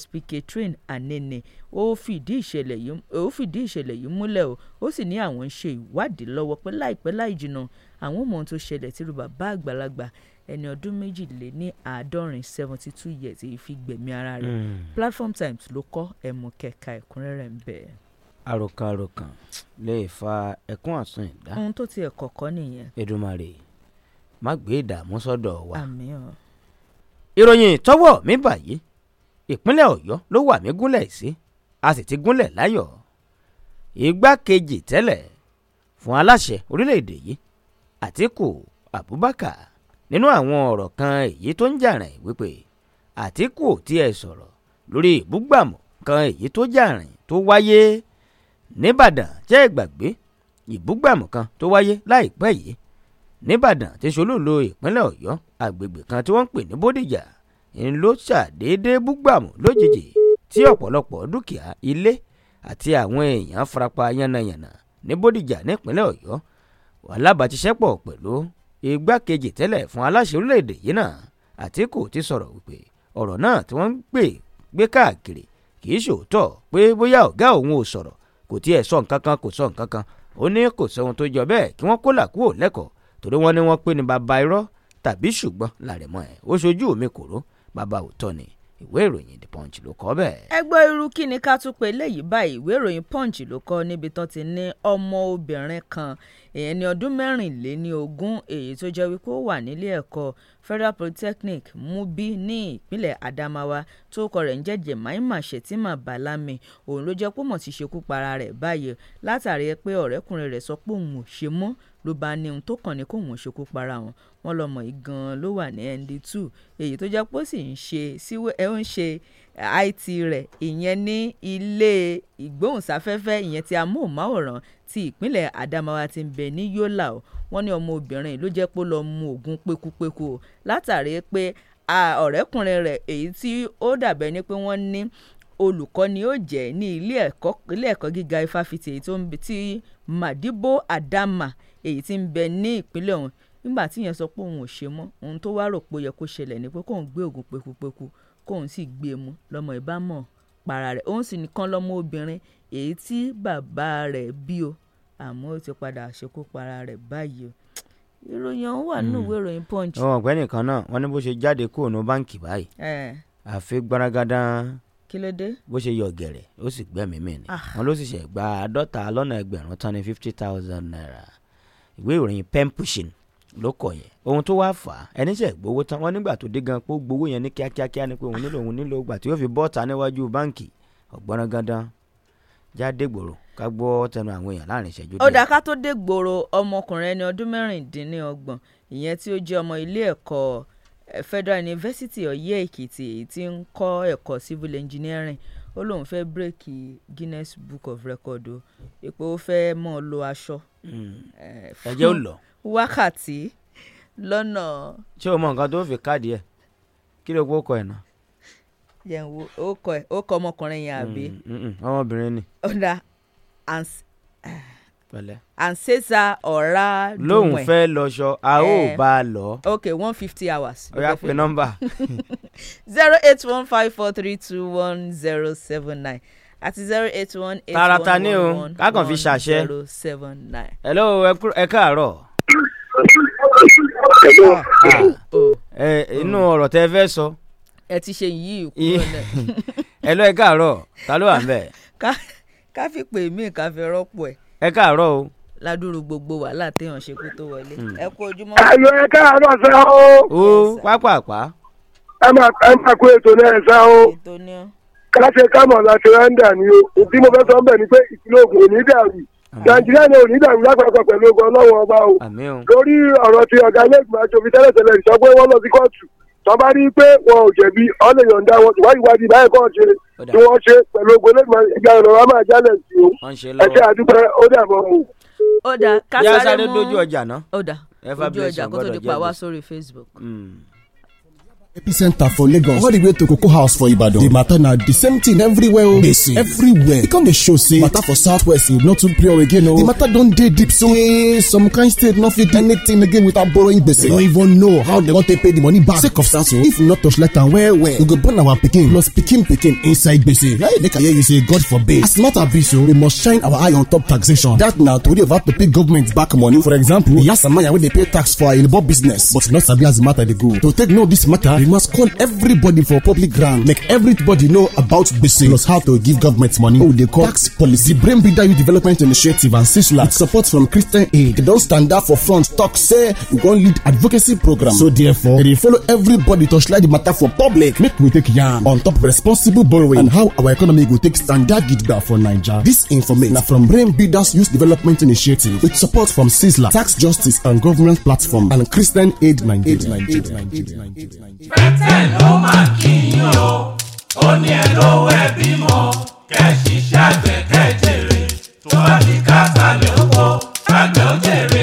SP Catherine Anene ó fìdí ìṣẹ̀lẹ̀ yìí ó fìdí ìṣẹ̀lẹ̀ múlẹ̀ o ó sì ní àwọn ń ṣe ìwádìí lọ́wọ́ pé láìpẹ́ láì jìnnà àwọn ò ohun tó ṣẹlẹ̀ tírú bàbá àgbàlagbà ẹni ọdún méjìléní àádọ́rin seventy two years èyí fi gbẹ̀mí ara rẹ̀ hmm. platform times ló kọ́ ẹ̀mú kẹka ẹ̀kúnrẹ́rẹ́ ń bẹ̀. àròkàn àròkàn lè fa ẹkún àsun ìdá. ohun tó tiẹ̀ kọ̀kọ́ nìyẹn. Èdùmàrè má gbé ìdààmú sọ́dọ̀ wa. àmín o. ìròyìn tọ́wọ́ mi báyìí ìpínlẹ̀ Ọ̀yọ́ ló wà mí gúnlẹ̀ sí a sì ti gúnlẹ̀ láyọ̀ igbákejì tẹ́lẹ̀ fún aláṣẹ orílẹ̀-èdè yìí Àtíkù Abubakar nínú àwọn ọ̀rọ̀ kan èyí tó ń jà wípé Àtíkù ò tiẹ̀ sọ̀rọ̀ lórí ìbúgbàmù kan èyí tó jà tó wáyé nìbàdàn jẹ́ ìgbàgbé ìbúgbàmù kan tó wáyé láìpẹ́ yìí nìbàdàn ti ṣolólo ìpínlẹ̀ Ọ̀yọ́ àgbègbè kan tí wọ́n ń pè ní Bódìjà ń ló ṣàdédé búgbàmù lójijì tí ọ̀pọ̀lọpọ̀ dúkìá ilé àti àwọn èèyàn farapa yánnayànna ní Bódìjà nípínlẹ̀ Ọ̀yọ́ alábàáṣiṣẹ́pọ̀ pẹ̀lú igbákejì tẹ́lẹ̀ fún aláṣẹ orílẹ̀-èdè yìí náà Àtíkù ti sọ̀rọ̀ wípé ọ̀rọ̀ náà tí wọ́n ń gbé gbé káàkiri kì í ṣòótọ́ pé bóyá ọ̀gá òun ò sọ̀rọ̀ kò tiẹ̀ sọ nǹkan kan kò sọ nǹkan kan ó ní kò sóhun tó jọ bẹ́ẹ̀ kí wọ́n kó làkúò lẹ́kọ̀ọ́ torí wọ́n ní wọ́n pé ní baba irọ́ tàbí ṣùgbọ́n làrẹ̀mọ́ ẹ̀ ó ṣojú mi kòró baba òótọ́ ni ìwé ìròyìn the punch ló kọ bẹ́ẹ̀. ẹ gbọ́ irú kí ni ká tún pé léyìí báyìí ìwé ìròyìn punch ló kọ níbi tó ti ní ọmọ obìnrin kan èèyàn ní ọdún mẹ́rìnléní èyí tó jẹ́ wípé ó wà nílé ẹ̀kọ́ federal polytechnic mubi ní ìpínlẹ̀ adamawa tó kọ rẹ̀ ń jẹ́ jemima shetima balami òun ló jẹ́ pé mọ̀ ti ṣekú para rẹ̀ báyìí látàrí pé ọ̀rẹ́kùnrin rẹ̀ sọ pé òun ò ṣe mọ́ ló bá ní ohun tó kàn ní kóun ṣekú para wọn wọn lọmọ yìí gan-an ló wà ní nd2 èyí tó jẹ́ pé ó sì ń ṣe ó ń ṣe it rẹ̀ ìyẹn ní ilé ìgbóhùnsáfẹ́fẹ́ ìyẹn ti amóhùnmáwòrán ti ìpínlẹ̀ Adamawa ti ń bẹ ní Yola o wọn ní ọmọbìnrin ló jẹ́ pé ó lọ mu oògùn pekupeko látàrí pé ọ̀rẹ́kùnrin rẹ̀ èyí tí ó dàbẹ̀ ni pé wọ́n ní olùkọ́ ni ó jẹ́ ní ilé ẹ̀kọ́ gíga ifáfitì èyí tó ń bi ti Madibo Adama èyí tí ń bẹ ní ìpínlẹ̀ ọ̀hún nígbà tí ìyẹn sọ pé òun ò ṣe mọ́ ohun tó wá rò pé ó yẹ kó ṣẹlẹ̀ ni pé kóun gbé oògùn pekupeku kóun sì gbé e mú lọ́mọ ìbámọ̀ para rẹ̀ òun sì nìkan lọ́mọ obìnrin èyí tí bàbá rẹ̀ bí o àmọ́ ó ti padà ṣekú para rẹ̀ báyìí o ìròyìn ọ̀hún wà nínú hmm. ìwé ìròyìn punch. ọ̀hún ọ̀gbẹ́ni kan náà wọ́n ní bó ṣe jáde kúrò ní báǹkì báyìí àfi gbaragada kí ló dé. bó ṣe yọ gẹ̀rẹ̀ ó sì gbẹ́mìí mì ni ah. ló sì ṣe gba àádọ́ta lọ́nà ẹgbẹ̀rún tán ní fifty thousand naira ìwé ìròyìn pen pushing ló kọ yẹn ohun tó wá fà á ẹni ṣe gbowó tán wọn nígbà tó dé gan pé ó gbowó yẹn ní kíákíákíá ni pé òun nílò òun nílò ògbà tí yóò fi bọ́ọ̀tà níwájú báǹkì ọ̀gbọ́nrán gandan jáde gbòòrò ká gbọ́ tẹnu àwọn èèyàn láàrin ìṣẹ́jú ó dáa tó dé gbòòrò ọmọkùnrin ẹni ọdún mẹ́rìndínlọ́gbọ̀n ìyẹn tí ó jẹ́ ọmọ ilé ẹ̀kọ́ eh, Federal University Ọ̀yẹ́ Èkìtì èyí tí ń kọ́ ẹ̀kọ́ civil engineering ó lóun fẹ́ bírèkì Guinness Book of Record o èpò ó fẹ́ mọ́ lo aṣọ Mm. ẹ jẹ́ ó lọ. wákàtí lọ́nà. ṣé o mọ nǹkan tó fi káàdì ẹ kí ló kó kọ ẹ náà. yẹn wo ó kọ ẹ ó kọ ọmọkùnrin yẹn àbí. Mm, mm, ọmọbìnrin ni. ọ̀dà ansesa ọ̀ra dùnmọ̀ ẹ̀. lóun fẹ́ lọ́ṣọ a ó eh. bá a lọ. ok one fifty hours. ó yá pé nọ́mbà. zero eight one five four three two one zero seven nine àti zero eight one eight one one one one zero seven nine. hello ẹ káàárọ̀. Ah, oh. inú ọ̀rọ̀ tẹ fẹ́ sọ. ẹ ti ṣe yìí kúrò lẹ. ẹ lọ ẹ káàárọ̀ ta ló wà ń bẹ̀. ká fi pè mí ká fi rọ́pò ẹ̀. ẹ káàárọ̀ o ládùúrú gbogbo wàhálà téèyàn ṣe kó tó wọlé. Hmm. ẹ kú ojúmọ́. ayọ̀ ẹ káàárọ̀ ṣá o. o pápápá. ẹ máa ẹ máa kó ètò náà ṣá o. ètò ni ọ. káṣe kámọ̀ láti rẹ́ńdà ni o tí mo fẹ́ sọ bẹ́ẹ̀ ni pé ìpínlẹ̀ Ògùn ò ní dàrú nàìjíríà ni ò ní dàrú lápapọ̀ pẹ̀lú ogun ọlọ́run ọba o lórí ọrọ ti ọ̀gá ilé ìgbìmọ̀ asòfin tẹ́lẹ̀tẹ́lẹ̀ sọ pé lọ sí kóòtù tọ́ba rí i pé wọn ò jẹ̀bi ọ̀lẹ̀ yọ̀ǹda wọn a máa o àdúgbò ó ó dà kásáré mú ó dà ojú ọjà kó tó Facebook. Hmm. epicenter for lagos all the way to cocoa house for ibadan the matter na the same thing everywhere o gbese everywhere e come dey show say matter for southwest e no too pure again o the matter don dey deep so eh some kind state no fit do anything again without borrowing gbese no even know how dem wan take pay the money back sake of saso if we no torchlight am well well we go burn our pikin plus pikin pikin inside gbese right make i hear you say god forbid as matter be so we must shine our eye on top taxation that na tori of how to pay government back money for example the yasamaya wey dey pay tax for ayinbo business but e no sabi as the matter dey go to take note this matter we must call everybody for public ground make everybody know about gbese plus how to give government money wey oh, they call tax policy. brain breeder youth development initiative and CISLA with support from christian aid dem don stand up for front talk say we wan lead advocacy program so therefore we follow everybody to slide the matter for public make we take yarn on top responsible borrowing and how our economy will take standard gidigba for naija. This information from brain builders youth development initiative with support from CISLA tax justice and government platform and christian aid nigeria. Aid Nigeria. Aid Nigeria. Aid Nigeria pẹ́tẹ́ ló máa kí yín o ó ní ẹ lówó ẹ bímọ kẹ́ ṣiṣẹ́ àgbẹ̀ kẹ́ jèrè tó bá ti ká sálẹ̀ oko sálẹ̀ ó jèrè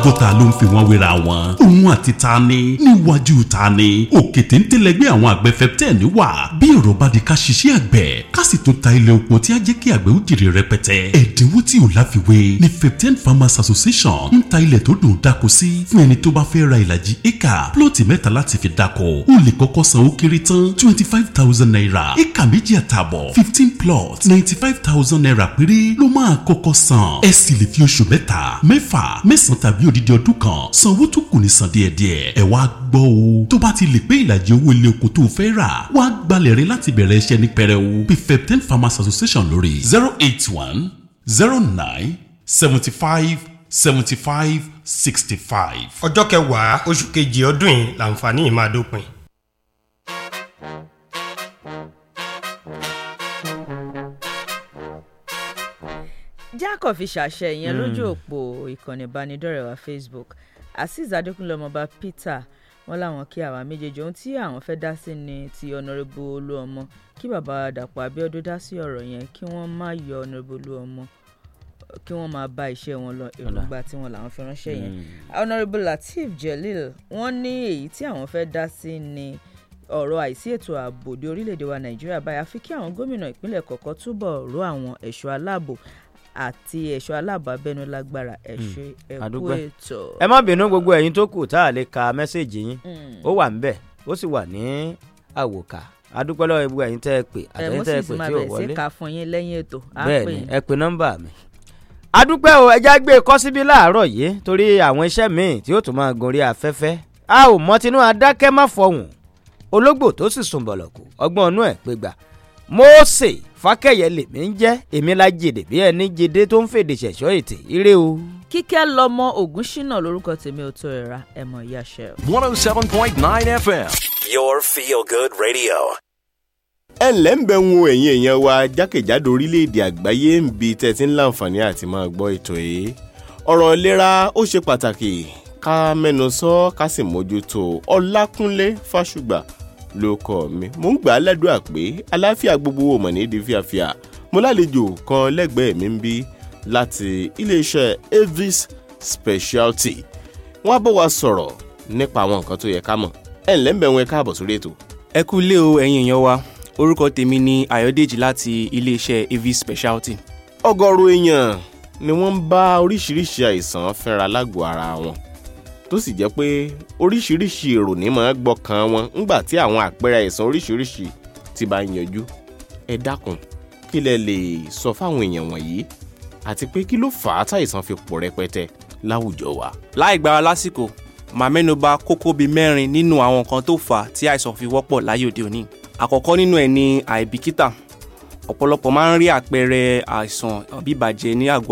ọgọ́ta ló ń fi wọ́n wéra wọn òun àti ta ni níwájú ta ni òkè téńté lẹgbẹ́ àwọn àgbẹ̀ fẹ́tẹ́ẹ̀ni wà bí èrò bá di ká ṣiṣẹ́ àgbẹ̀ ká sì tún ta ilẹ̀ oko tí á jẹ́ kí àgbẹ̀ ó jèrè rẹpẹtẹ ẹ̀dínwó tí ò láfiwé ni fifteen farmers association ń ta ilẹ̀ tó dùn dáko sí fún ẹni tó bá fẹ́ ra ìlàjì éka plọ́ọ̀tì mẹ́ta láti fi dáko ó lè kọ́kọ́ san ó kéré tán twenty five thousand naira éka méjì àtààbọ̀ fifteen plot ninety five thousand naira péré ló máa kọ́kọ́ san ẹ sì lè fi oṣù mẹ́ta mẹ́fà mẹ́sàn-án tàbí odidi ọdún kan sanwó tó kù ní san díẹ̀díẹ̀ ẹ wá gbọ́ o tó bá ti lè pé ìlàjì owó ilé oko tó fẹ́ rà wá gbalẹ̀ rẹ láti bẹ̀rẹ̀ iṣẹ́ ní pẹrẹwu bí fepten farmers association lórí zero eight one zero nine seventy five seventy five sixty five. ọjọ́ kẹwàá oṣù kejì ọdún yìí làǹfààní yìí máa dópin. jákọ̀ fi ṣàṣẹ ìyẹn hmm. lójú òpó ìkànnì ìbánidọ́rẹ̀ẹ́ wa facebook azeez adékúnlọ́mọba peter wọn láwọn kí àwa méjèèjì ohun tí àwọn fẹ́ dá sí ni ti ọ̀nàrẹ́bù olúọmọ kí bàbá dàpọ̀ abíọ́dún dá sí ọ̀rọ̀ yẹn kí wọ́n má yọ ọ̀nàrẹ́bù olúọmọ kí wọ́n máa bá iṣẹ́ wọn lọ èròǹgbà tí wọ́n làwọn fi ránṣẹ́ yẹn hmm. honourable lateef jelil wọ́n ní èyí tí àwọn fẹ́ dá sí ni ọ̀rọ̀ àìsí ètò ààbò di orílẹ̀-èdè wa nàìjíríà báyìí àfi kí àwọn gómìnà ìpínlẹ̀ kọ̀ọ̀kan túbọ̀ ró àwọn ẹ̀ṣọ́ aláàbò àti ẹ̀ṣọ́ alábàábẹ́nu lágbára ẹ̀ṣọ́ hmm, ẹ̀kú ètò. ẹ má bínú gbogbo ẹ̀yin tó kù tá a lè ka mẹ́sẹ̀gì yín hmm. ó wà ńbẹ̀ ó sì wà ní àwòká adúpẹ́ lọ́wọ́ gbogbo ẹ̀yin tẹ́ ẹ pè àtẹ̀yìn tẹ́ ẹ pè tí ò wọlé. ẹ mọ̀ sí máa bẹ̀ sí ká fún yín lẹ́yìn ètò. bẹ́ẹ̀ni ẹ pè nọ́mbà mi. adúpẹ́ o ẹja gbé e kọ́ síbí láàárọ̀ yìí torí àwọn iṣẹ́ míì tí ó tún máa gorí afẹ́fẹ́ a ò mọ tinú adákẹ́ má fọhùn ológbò fákẹ́yẹ lèmi ń jẹ́ èmi la jèdè bí ẹni jèdè tó ń fèdè ṣẹ̀ṣọ́ ètè ire o. kíkẹ́ lọmọ ògúnṣínà lórúkọ tèmi ò tó ẹ̀ra ẹ̀ mọ̀ ìyá ṣe. one oh seven point nine FM your feel good radio. ẹ ǹlẹ́ ń bẹ̀ ń wo ẹ̀yin èèyàn wa jákèjádò orílẹ̀-èdè àgbáyé ń bi tẹ́tí ń láǹfààní àti máa gbọ́ ètò yìí ọ̀rọ̀ ìlera ó ṣe pàtàkì ká mẹ́nu sọ ká sì mójútó Ọlákúnlé Fásùgbà lóko mi mo ń gbà á ládùúrà pé aláfíà gbogbo wo mọ̀ ní di fíafíà mo lálejò kan lẹ́gbẹ̀ẹ́ mi ń bí láti iléeṣẹ́ avis speciality wọ́n á bọ̀ wá sọ̀rọ̀ nípa àwọn nǹkan tó yẹ ká mọ̀ ẹ̀ ń lẹ́m̀bẹ̀ wọn ẹ káàbọ̀ sórí ètò. ẹ kú lé o ẹ̀yin èèyàn wa orúkọ tèmi ni ayọ̀dèjì láti iléeṣẹ́ avis speciality. ọ̀gọ̀rọ̀ èèyàn ni wọ́n ń bá oríṣiríṣi àìsàn fínra lágbo ara wọn tó sì jẹ́ pé oríṣiríṣi èrò ní máa gbọ́kàn wọn ńgbà tí àwọn àpẹẹrẹ àìsàn oríṣiríṣi ti bá ń yanjú ẹ dákun kí lẹ lè sọ fáwọn èèyàn wọ̀nyí àti pé kí ló fà á táìsàn fi pọ̀ rẹpẹtẹ láwùjọ wa. láì gba wa lásìkò màá mẹ́nuba kókó bíi mẹ́rin nínú àwọn nǹkan tó fà á tí àìsàn fi wọ́pọ̀ láyé òde òní àkọ́kọ́ nínú ẹ̀ ni àìbìkítà ọ̀pọ̀lọpọ̀ máa ń rí àpẹẹrẹ àìsàn bíbàjẹ́ ní àgọ́